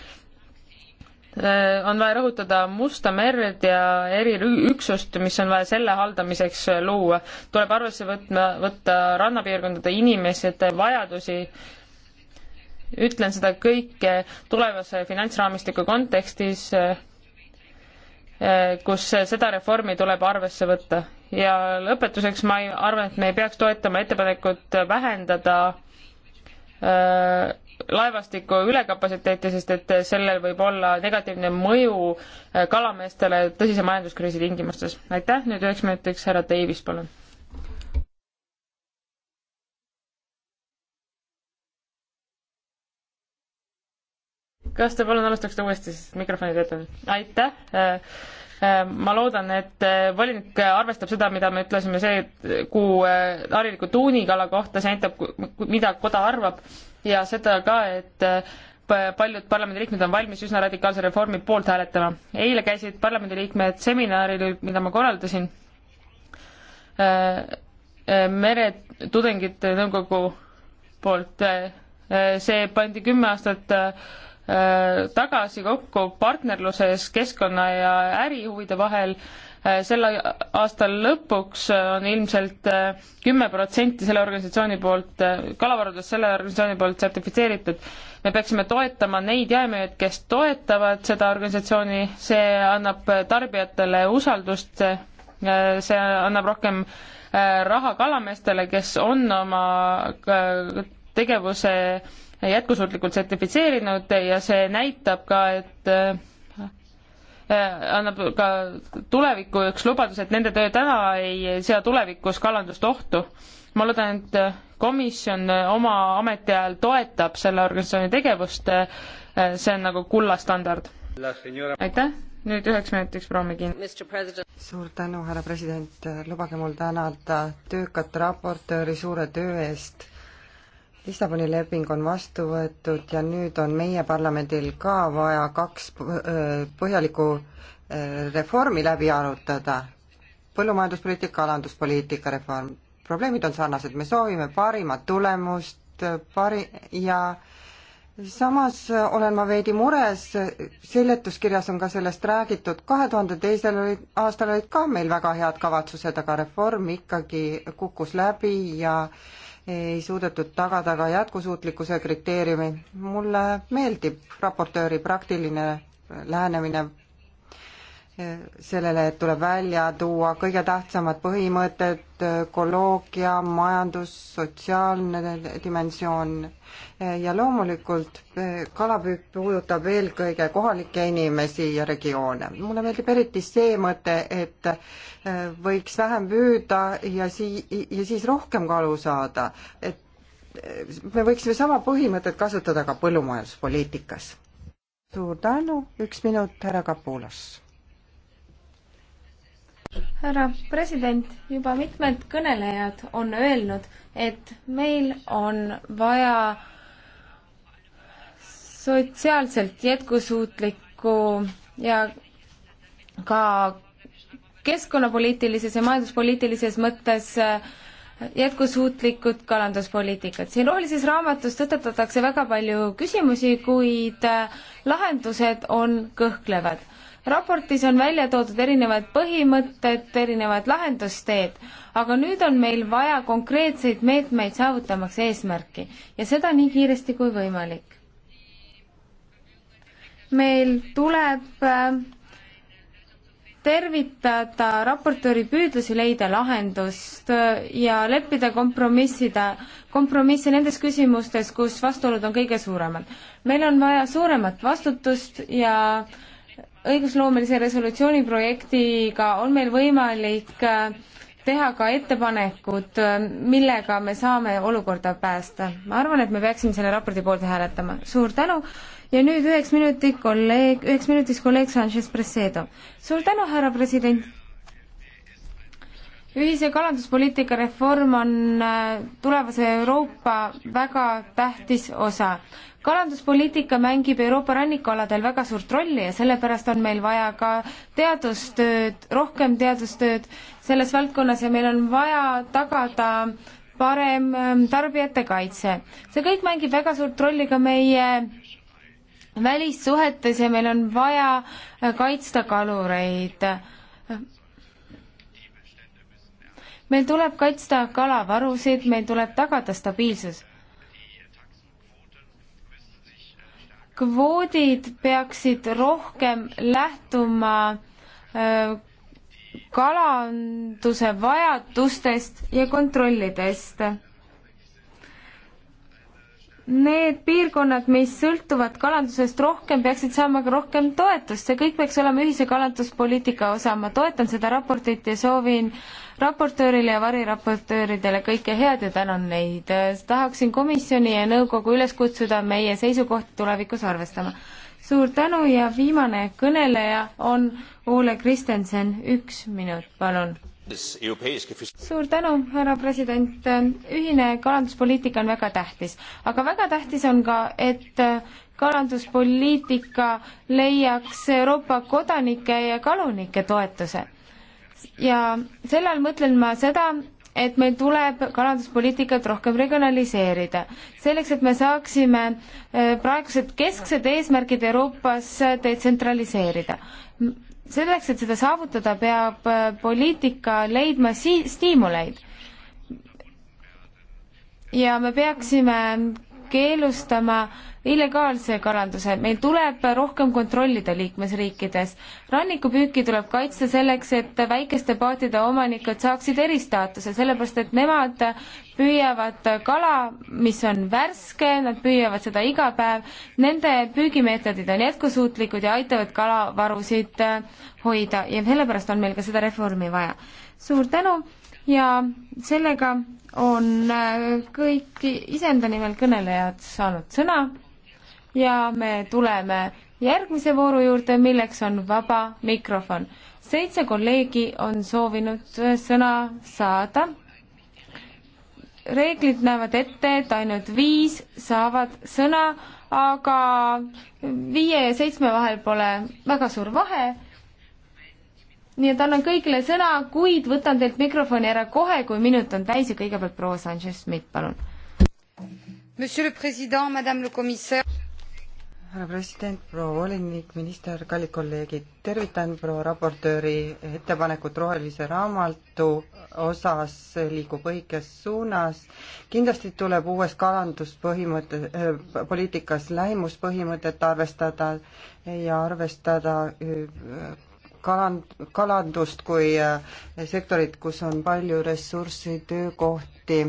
Äh, on vaja rõhutada Musta merd ja eriüksust, mis on vaja selle haldamiseks luua. tuleb arvesse võtma, võtta rannapiirkondade inimeste vajadusi, ütlen seda kõike tulevase finantsraamistiku kontekstis, äh, kus seda reformi tuleb arvesse võtta. ja lõpetuseks ma ei, arvan, et me ei peaks toetama ettepanekut vähendada öö, äh, laevastiku ülekapatsiteeti, sest et sellel võib olla negatiivne mõju äh, kalameestele tõsise majanduskriisi tingimustes. aitäh, nüüd üheks minutiks härra Davis, palun. kas te palun alustaksite uuesti, sest mikrofon ei töötanud. aitäh äh, äh, ma loodan, et volinik arvestab seda, mida me ütlesime see kuu hariliku tuunikala kohta, see näitab, mida koda arvab ja seda ka, et äh, paljud parlamendiliikmed on valmis üsna radikaalse reformi poolt hääletama. eile käisid parlamendiliikmed seminaril, mida ma korraldasin äh,, äh meretudengite nõukogu poolt äh, äh,. see pandi kümme aastat äh, tagasi kokku partnerluses keskkonna ja ärihuvide vahel äh, Äh, selle aasta lõpuks äh, on ilmselt äh, kümme protsenti selle organisatsiooni poolt, kalavarudest selle organisatsiooni poolt sertifitseeritud. me peaksime toetama neid jaemüüjaid, kes toetavad seda organisatsiooni, see annab tarbijatele usaldust, see annab rohkem raha kalameestele, kes on oma tegevuse jätkusuutlikult sertifitseerinud ja see näitab ka, et Äh, annab ka tuleviku üks lubadus, et nende töö täna ei sea tulevikus kalandust ohtu. ma loodan, et komisjon oma ametiajal toetab selle organisatsiooni tegevust, äh, see on nagu kullastandard. aitäh, nüüd üheks minutiks proovime kinni. suur tänu, härra president, lubage mul tänada töökat raportööri suure töö eest Lissaboni leping on vastu võetud ja nüüd on meie parlamendil ka vaja kaks äh, põhjalikku äh, reformi läbi arutada. põllumajanduspoliitika, alanduspoliitika reform. probleemid on sarnased, me soovime parimat tulemust, äh, pari- ja samas olen ma veidi mures, seletuskirjas on ka sellest räägitud, kahe tuhande teisel olid, aastal olid ka meil väga head kavatsused, aga reform ikkagi kukkus läbi ja äh, ei suudetud tagada ka jätkusuutlikkuse kriteeriumi. mulle meeldib raportööri praktiline lähenemine sellele, et tuleb välja tuua kõige tähtsamad põhimõtted, ökoloogia, majandus, sotsiaalne dimensioon ja loomulikult e, kalapüük puudutab eelkõige kohalikke inimesi ja regioone. mulle meeldib eriti see mõte, et e, võiks vähem püüda ja sii-, ja siis rohkem kalu saada. et e, me võiksime sama põhimõtet kasutada ka põllumajanduspoliitikas. suur tänu, üks minut, härra Kapulas härra president, juba mitmed kõnelejad on öelnud, et meil on vaja sotsiaalselt jätkusuutlikku ja ka keskkonnapoliitilises ja majanduspoliitilises mõttes jätkusuutlikud kalanduspoliitikat. siin rohelises raamatus tõstatatakse väga palju küsimusi, kuid lahendused on kõhklevad raportis on välja toodud erinevad põhimõtted, erinevad lahendusteed, aga nüüd on meil vaja konkreetseid meetmeid saavutamaks eesmärki ja seda nii kiiresti kui võimalik. meil tuleb äh, tervitada raportööri püüdlusi leida lahendust äh, ja leppida kompromissida, kompromisse nendes küsimustes, kus vastuolud on kõige suuremad. meil on vaja suuremat vastutust ja äh, õigusloomelise resolutsiooni projektiga on meil võimalik äh, teha ka ettepanekud, äh, millega me saame olukorda päästa. ma arvan, et me peaksime selle raporti poolt hääletama. suur tänu ja nüüd üheks minutit kolleeg, üheks minutiks kolleeg Sanchez Presedo. suur tänu, härra president ühise kalanduspoliitika reform on äh, tulevase Euroopa väga tähtis osa. kalanduspoliitika mängib Euroopa rannikualadel väga suurt rolli ja sellepärast on meil vaja ka teadustööd, rohkem teadustööd selles valdkonnas ja meil on vaja tagada parem ähm, tarbijate kaitse. see kõik mängib väga suurt rolli ka meie välissuhetes ja meil on vaja äh, kaitsta kalureid meil tuleb kaitsta kalavarusid, meil tuleb tagada stabiilsus. kvoodid peaksid rohkem lähtuma öö, äh, kalanduse vajadustest ja kontrollidest need piirkonnad, mis sõltuvad kalandusest rohkem, peaksid saama ka rohkem toetust, see kõik peaks olema ühise kalanduspoliitika osa, ma toetan seda raportit ja soovin raportöörile ja variraportööridele kõike head ja tänan neid. tahaksin komisjoni ja nõukogu üles kutsuda meie seisukohti tulevikus arvestama. suur tänu ja viimane kõneleja on Ole Kristensen, üks minut, palun suur tänu, härra president. ühine kalanduspoliitika on väga tähtis, aga väga tähtis on ka, et kalanduspoliitika leiaks Euroopa kodanike ja kalunike toetuse. ja selle all mõtlen ma seda, et meil tuleb kalanduspoliitikat rohkem regionaliseerida. selleks, et me saaksime eh, praegused kesksed eesmärgid Euroopas detsentraliseerida selleks, et seda saavutada, peab äh, poliitika leidma si-, stiimuleid. ja me peaksime keelustama illegaalse kalanduse, meil tuleb rohkem kontrollida liikmesriikides. rannikupüüki tuleb kaitsta selleks, et väikeste paatide omanikud saaksid eristaatuse, sellepärast et nemad püüavad kala, mis on värske, nad püüavad seda iga päev, nende püügimeetodid on jätkusuutlikud ja aitavad kalavarusid hoida ja sellepärast on meil ka seda reformi vaja. suur tänu ja sellega on kõik iseenda nimel kõnelejad saanud sõna ja me tuleme järgmise vooru juurde, milleks on vaba mikrofon. seitse kolleegi on soovinud sõna saada. reeglid näevad ette, et ainult viis saavad sõna, aga viie ja seitsme vahel pole väga suur vahe. nii et annan kõigile sõna, kuid võtan teilt mikrofoni ära kohe, kui minut on täis ja kõigepealt proua Sanchez-Schmidt, palun. Monsieur le Président, Madame le Commissaire härra president, proua volinik, minister, kallid kolleegid, tervitan proua raportööri ettepanekut rohelise raamatu osas, liigub õiges suunas. kindlasti tuleb uues kalanduspõhimõtte äh,, poliitikas lähimuspõhimõtet arvestada ja arvestada äh, kaland, kalandust kui äh, sektorit, kus on palju ressurssi, töökohti.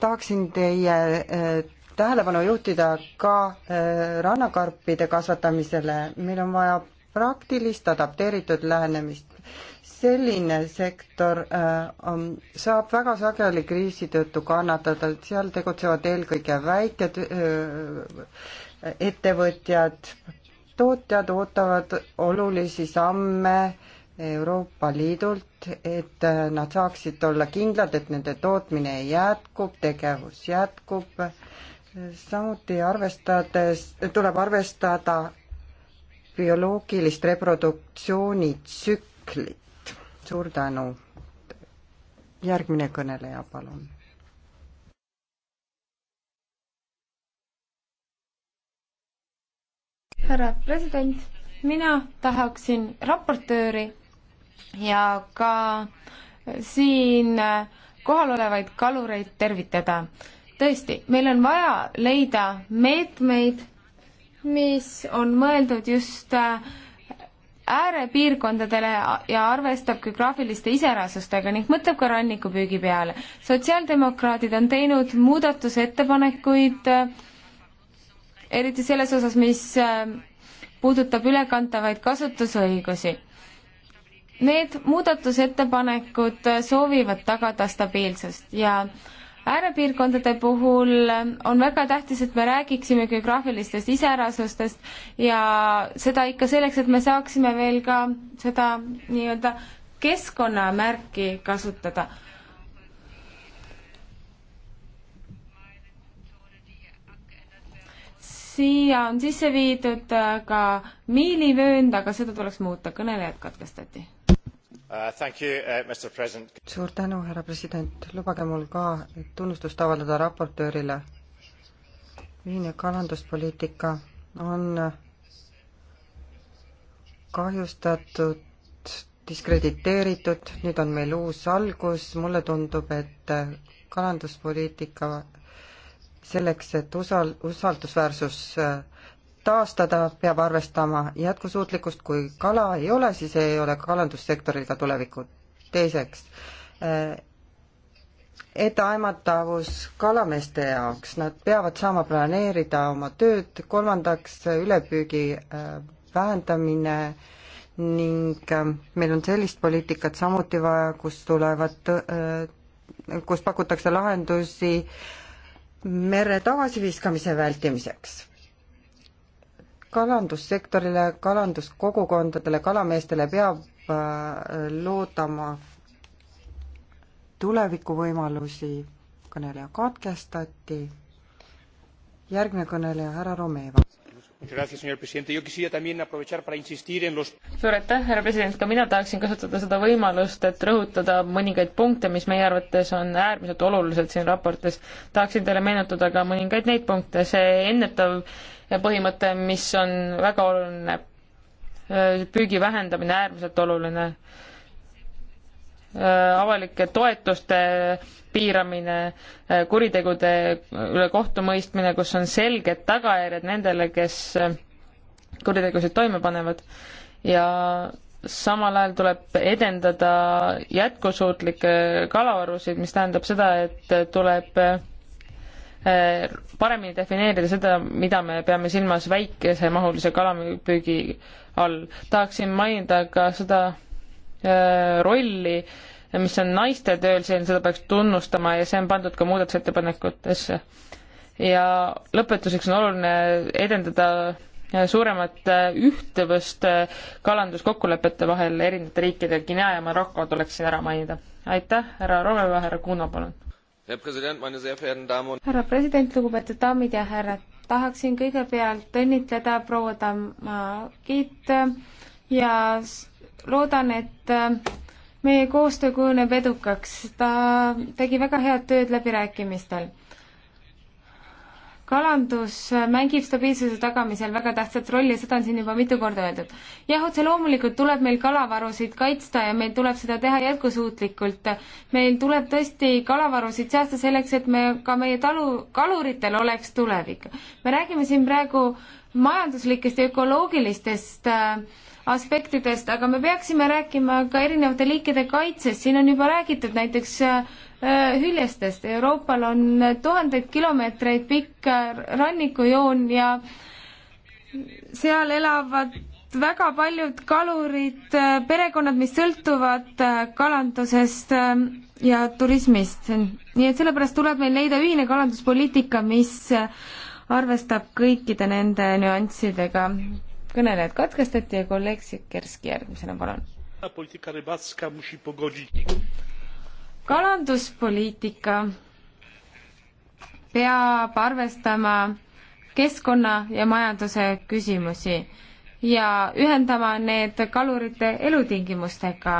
tahaksin teie äh, tähelepanu juhtida ka äh, rannakarpide kasvatamisele, meil on vaja praktilist adapteeritud lähenemist. selline sektor äh, on, saab väga sageli kriisi tõttu kannatada, et seal tegutsevad eelkõige väiked äh, ettevõtjad, tootjad ootavad olulisi samme Euroopa Liidult, et nad saaksid olla kindlad, et nende tootmine jätkub, tegevus jätkub samuti arvestades, tuleb arvestada bioloogilist reproduktsioonitsüklit. suur tänu. järgmine kõneleja, palun. härra president, mina tahaksin raportööri ja ka siin kohal olevaid kalureid tervitada tõesti, meil on vaja leida meetmeid, mis on mõeldud just äh, äärepiirkondadele ja arvestab geograafiliste iserasustega ning mõtleb ka rannikupüügi peale. sotsiaaldemokraadid on teinud muudatusettepanekuid äh, eriti selles osas, mis äh, puudutab ülekantavaid kasutusõigusi. Need muudatusettepanekud soovivad tagada stabiilsust ja äh, äärepiirkondade puhul on väga tähtis, et me räägiksime geograafilistest iseärasustest ja seda ikka selleks, et me saaksime veel ka seda nii-öelda keskkonnamärki kasutada. siia on sisse viidud ka miilivöönd, aga seda tuleks muuta, kõnelejad katkestati Uh, you, uh, suur tänu, härra president, lubage mul ka tunnustust avaldada raportöörile. ühine kalanduspoliitika on kahjustatud, diskrediteeritud, nüüd on meil uus algus, mulle tundub, et kalanduspoliitika selleks, et usal-, usaldusväärsus taastada, peab arvestama jätkusuutlikkust, kui kala ei ole, siis ei ole kalandussektoril ka tulevikku. teiseks, eh, etteaimatavus kalameeste jaoks, nad peavad saama planeerida oma tööd, kolmandaks ülepüügi eh, vähendamine ning eh, meil on sellist poliitikat samuti vaja, kus tulevad, kus pakutakse lahendusi mere tagasiviskamise vältimiseks kalandussektorile, kalanduskogukondadele, kalameestele peab äh, loodama tulevikuvõimalusi. kõneleja katkestati. järgmine kõneleja, härra Romeva suur aitäh, härra president, ka mina tahaksin kasutada seda võimalust, et rõhutada mõningaid punkte, mis meie arvates on äärmiselt olulised siin raportis. tahaksin teile meenutada ka mõningaid neid punkte, see ennetav põhimõte, mis on väga oluline, püügi vähendamine äärmiselt oluline Äh, avalike toetuste piiramine, äh, kuritegude üle kohtumõistmine, kus on selged tagajärjed nendele, kes äh, kuritegusid toime panevad ja samal ajal tuleb edendada jätkusuutlikke kalavarusid, mis tähendab seda, et tuleb paremini defineerida seda, mida me peame silmas väikesemahulise kalapüügi all. tahaksin mainida ka seda, Äh, rolli, mis on naiste tööl, siin seda peaks tunnustama ja see on pandud ka muudatusettepanekutesse. ja lõpetuseks on oluline edendada äh, suuremat äh, ühtevust kalanduskokkulepete vahel erinevate riikide, Guinea ja Maroko tuleks siin ära mainida. aitäh, härra Romeva, härra Kuno, palun. härra president, lugupeetud daamid ja härrad, tahaksin kõigepealt õnnitleda proua Tamma Kiit ja loodan, et äh, meie koostöö kujuneb edukaks, ta tegi väga head tööd läbirääkimistel. kalandus mängib stabiilsuse tagamisel väga tähtsat rolli, seda on siin juba mitu korda öeldud. jah, otse loomulikult tuleb meil kalavarusid kaitsta ja meil tuleb seda teha jätkusuutlikult. meil tuleb tõesti kalavarusid säästa selleks, et me, ka meie talu, kaluritel oleks tulevik. me räägime siin praegu majanduslikest ja ökoloogilistest äh, aspektidest, aga me peaksime rääkima ka erinevate liikide kaitsest, siin on juba räägitud näiteks äh, äh, hüljestest, Euroopal on tuhandeid kilomeetreid pikk äh, rannikujoon ja seal elavad väga paljud kalurid, perekonnad, mis sõltuvad kalandusest ja turismist. nii et sellepärast tuleb meil leida ühine kalanduspoliitika, mis arvestab kõikide nende nüanssidega kõnelejad katkestati ja kolleeg Sikerski järgmisena, palun. kalanduspoliitika peab arvestama keskkonna ja majanduse küsimusi ja ühendama need kalurite elutingimustega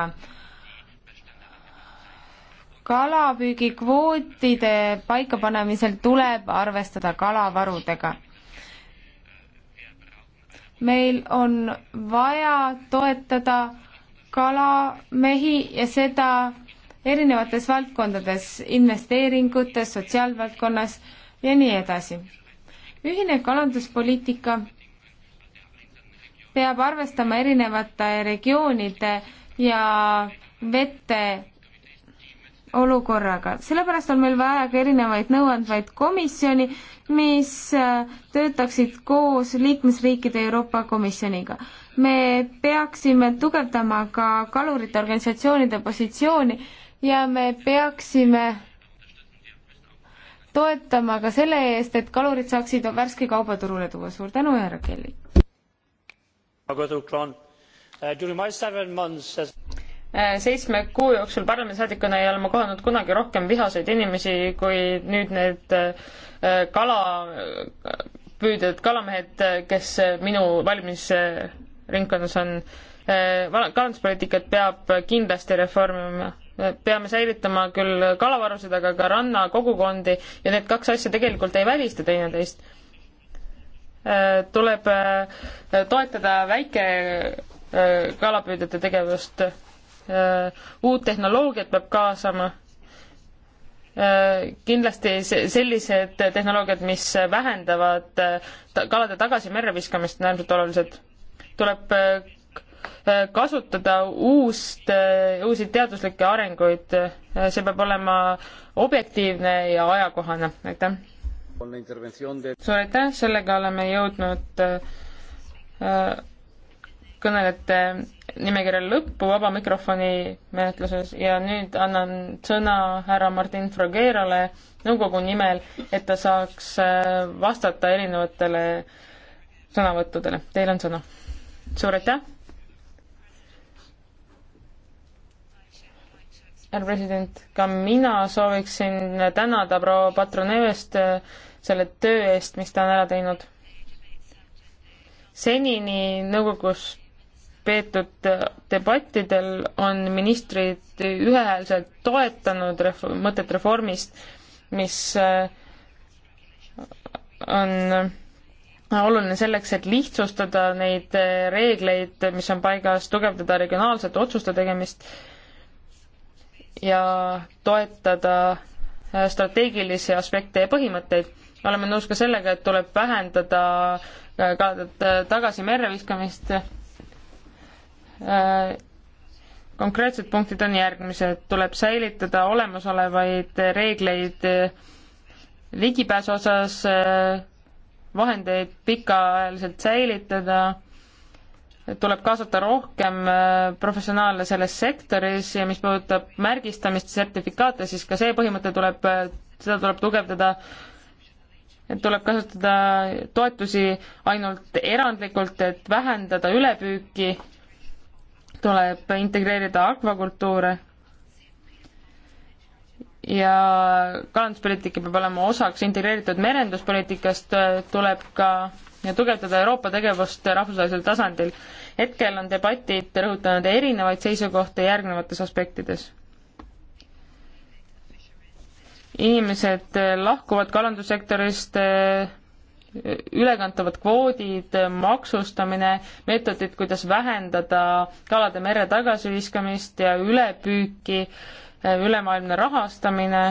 kalapüügikvootide paikapanemisel tuleb arvestada kalavarudega meil on vaja toetada kalamehi ja seda erinevates valdkondades, investeeringutes, sotsiaalvaldkonnas ja nii edasi. ühine kalanduspoliitika peab arvestama erinevate regioonide ja vete olukorraga, sellepärast on meil vaja ka erinevaid nõuandvaid komisjoni, mis äh, töötaksid koos liikmesriikide Euroopa Komisjoniga. me peaksime tugevdama ka kalurite organisatsioonide positsiooni ja me peaksime toetama ka selle eest, et kalurid saaksid värske kauba turule tuua. suur tänu, härra Kelly! Äh, seitsme kuu jooksul parlamendisaadikuna ei ole ma kohanud kunagi rohkem vihaseid inimesi, kui nüüd need äh, kalapüüdjad, kalamehed, äh, kes minu valimisringkonnas on. kalanduspoliitikat peab kindlasti reformima peame säilitama küll kalavarusid, aga ka rannakogukondi ja need kaks asja tegelikult ei välista teineteist. tuleb toetada väike kalapüüdjate tegevust Äh, uut tehnoloogiat peab kaasama. Äh, kindlasti sellised tehnoloogiad, mis vähendavad äh, kalade tagasi merre viskamist, on äärmiselt olulised. tuleb kasutada uust, uusi teaduslikke arenguid, see peab olema objektiivne ja ajakohane, aitäh. suur aitäh, sellega oleme jõudnud kõnelejate nimekirja lõppu vaba mikrofoni menetluses ja nüüd annan sõna härra Martin Frogerale nõukogu nimel, et ta saaks äh, vastata erinevatele sõnavõttudele. Teil on sõna. suur aitäh! härra president, ka mina sooviksin tänada proua Patronevest äh, selle töö eest, mis ta on ära teinud. senini nõukogus peetud debattidel on ministrid ühehäälselt toetanud ref-, mõtet reformist, mis äh, on oluline selleks, et lihtsustada neid äh, reegleid, mis on paigas, tugevdada regionaalset otsuste tegemist ja toetada äh, strateegilisi aspekte ja põhimõtteid. oleme nõus ka sellega, et tuleb vähendada ka tagasi merre viskamist Äh, konkreetsed punktid on järgmised, tuleb säilitada olemasolevaid reegleid äh, ligipääsu osas, äh, vahendeid pikaajaliselt säilitada, tuleb kaasata rohkem professionaale selles sektoris ja mis puudutab märgistamist, sertifikaate, siis ka see põhimõte tuleb, seda tuleb tugevdada et tuleb kasutada toetusi ainult erandlikult, et vähendada ülepüüki tuleb integreerida akvakultuure ja kalanduspoliitika peab olema osaks integreeritud merenduspoliitikast, tuleb ka tugevdada Euroopa tegevust rahvusvahelisel tasandil. hetkel on debatid rõhutanud erinevaid seisukohti järgnevates aspektides. inimesed lahkuvad kalandussektorist, ülekantavad kvoodid, maksustamine, meetodid, kuidas vähendada kalade merre tagasiviskamist ja ülepüüki, ülemaailmne rahastamine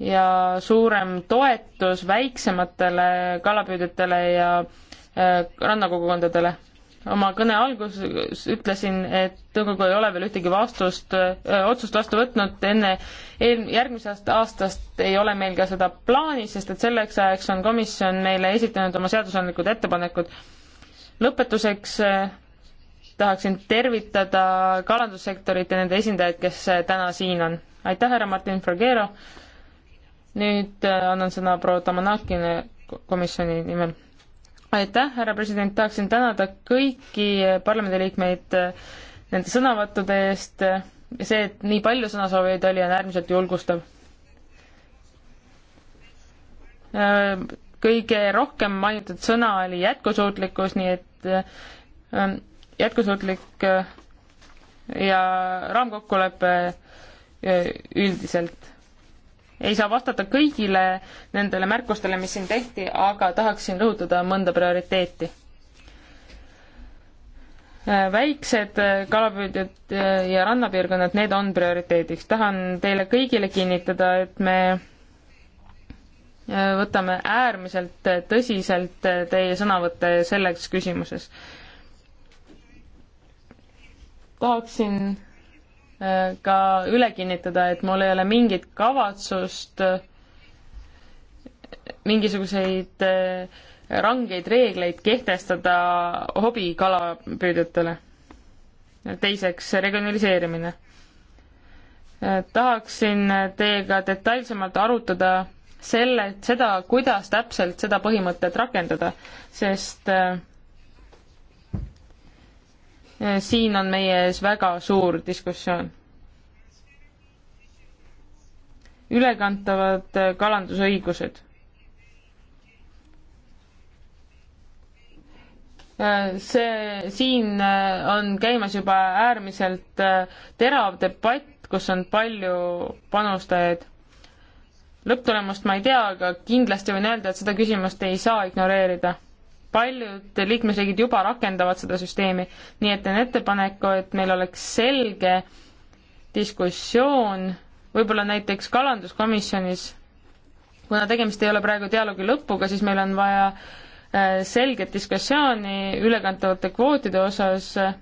ja suurem toetus väiksematele kalapüüdjatele ja äh, rannakogukondadele oma kõne alguses ütlesin, et nõukogu ei ole veel ühtegi vastust, otsust vastu võtnud, enne eel-, järgmisest aastast ei ole meil ka seda plaani, sest et selleks ajaks on komisjon meile esitanud oma seadusandlikud ettepanekud. lõpetuseks tahaksin tervitada kalandussektorit ja nende esindajaid, kes täna siin on. aitäh, härra Martin Fragero, nüüd annan sõna proua Tamanakine komisjoni nimel aitäh, härra president, tahaksin tänada kõiki parlamendiliikmeid äh, nende sõnavõttude eest. see, et nii palju sõnasoovijaid oli, on äärmiselt julgustav. Äh, kõige rohkem mainitud sõna oli jätkusuutlikkus, nii et äh, jätkusuutlik ja raamkokkulepe üldiselt ei saa vastata kõigile nendele märkustele, mis siin tehti, aga tahaksin rõhutada mõnda prioriteeti. väiksed kalapüüdjad ja rannapiirkonnad, need on prioriteediks. tahan teile kõigile kinnitada, et me võtame äärmiselt tõsiselt teie sõnavõtte selles küsimuses. tahaksin ka üle kinnitada, et mul ei ole mingit kavatsust mingisuguseid eh, rangeid reegleid kehtestada hobikalapüüdjatele. teiseks, regionaliseerimine. Eh, tahaksin teiega detailsemalt arutada selle, seda, kuidas täpselt seda põhimõtet rakendada, sest äh, Eh, siin on meie ees väga suur diskussioon. ülekantavad eh, kalandusõigused. Eh, see, siin on käimas juba äärmiselt terav debatt, kus on palju panustajaid. lõpptulemust ma ei tea, aga kindlasti võin öelda, et seda küsimust ei saa ignoreerida paljud liikmesriigid juba rakendavad seda süsteemi, nii et teen ettepaneku, et meil oleks selge diskussioon, võib-olla näiteks kalanduskomisjonis, kuna tegemist ei ole praegu dialoogi lõpuga, siis meil on vaja äh, selget diskussiooni ülekantavate kvootide osas, äh,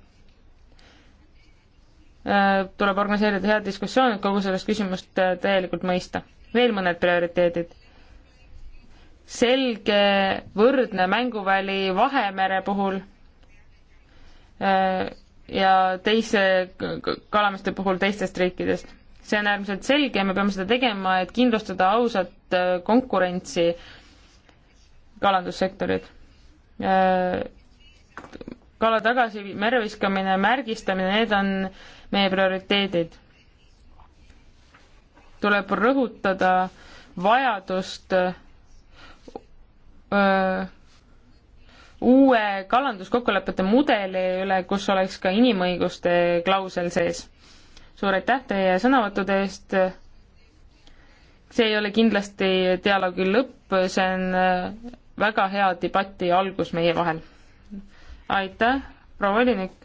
tuleb organiseerida hea diskussioon, et kogu sellest küsimust äh, täielikult mõista. veel mõned prioriteedid selge võrdne mänguväli Vahemere puhul äh, ja teise kalameeste puhul teistest riikidest. see on äärmiselt selge ja me peame seda tegema, et kindlustada ausat äh, konkurentsi kalandussektorit. Äh, kala tagasi merre viskamine, märgistamine, need on meie prioriteedid. tuleb rõhutada vajadust äh, Äh, uue kalanduskokkulepete mudeli üle, kus oleks ka inimõiguste klausel sees. suur aitäh teie sõnavõttude eest. see ei ole kindlasti dialoogi lõpp, see on äh, väga hea debati algus meie vahel. aitäh, proua volinik.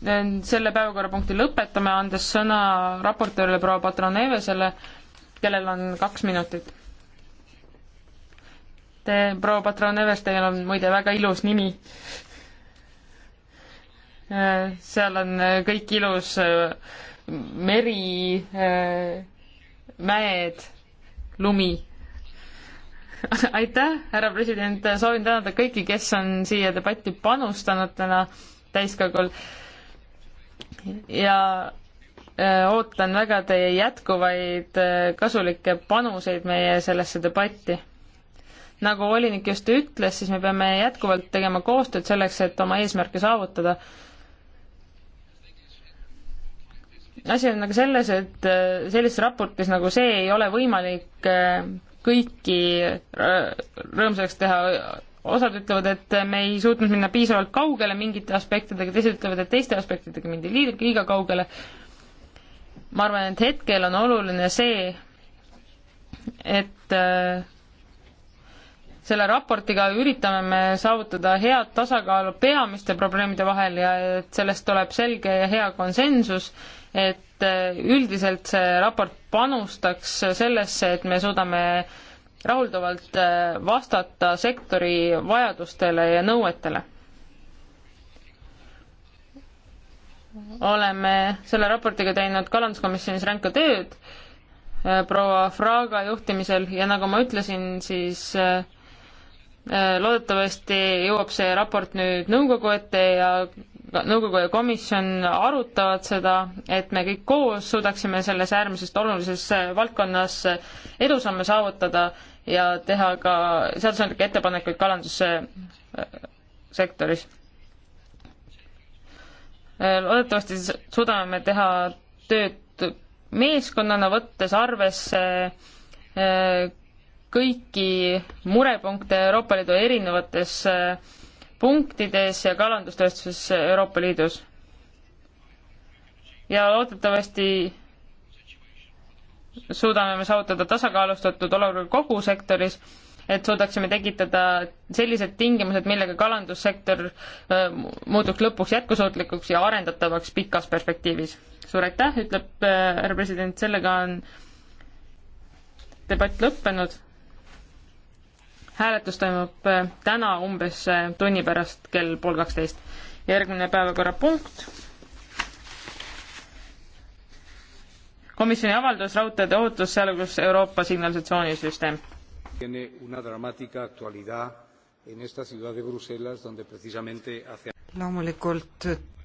selle päevakorrapunkti lõpetame, andes sõna raportöörile proua Patronevesele, kellel on kaks minutit. Te, proua Patroneves, teil on muide väga ilus nimi. seal on kõik ilus, meri, mäed, lumi aitäh, härra president, soovin tänada kõiki, kes on siia debatti panustanud täna täiskogul ja äh, ootan väga teie jätkuvaid äh, kasulikke panuseid meie sellesse debatti. nagu volinik just ütles, siis me peame jätkuvalt tegema koostööd selleks, et oma eesmärke saavutada. asi on nagu selles, et äh, sellises raportis nagu see ei ole võimalik kõiki rõõmsaks teha osad ütlevad, et me ei suutnud minna piisavalt kaugele mingite aspektidega, teised ütlevad, et teiste aspektidega mindi liiga kaugele. ma arvan, et hetkel on oluline see, et äh, selle raportiga üritame me saavutada head tasakaalu peamiste probleemide vahel ja et sellest tuleb selge ja hea konsensus, et äh, üldiselt see raport panustaks sellesse, et me suudame äh, rahuldavalt äh, vastata sektori vajadustele ja nõuetele. oleme selle raportiga teinud kalanduskomisjonis ränka tööd äh, proua Fraga juhtimisel ja nagu ma ütlesin, siis äh, loodetavasti jõuab see raport nüüd nõukogu ette ja nõukogu ja komisjon arutavad seda, et me kõik koos suudaksime selles äärmisest olulises valdkonnas edusamme saavutada ja teha ka seadusandlikke ettepanekuid kalanduse sektoris. loodetavasti suudame me teha tööd meeskonnana, võttes arvesse äh, kõiki murepunkte Euroopa Liidu erinevates äh, punktides ja kalandustööstuses Euroopa Liidus. ja loodetavasti suudame me saavutada tasakaalustatud olukorra kogu sektoris, et suudaksime tekitada sellised tingimused, millega kalandussektor muutuks lõpuks jätkusuutlikuks ja arendatavaks pikas perspektiivis. suur aitäh, ütleb härra president, sellega on debatt lõppenud. hääletus toimub täna umbes tunni pärast kell pool kaksteist. järgmine päevakorrapunkt komisjoni avaldus raudteede ohutus, sealhulgas Euroopa signalisatsioonisüsteem. loomulikult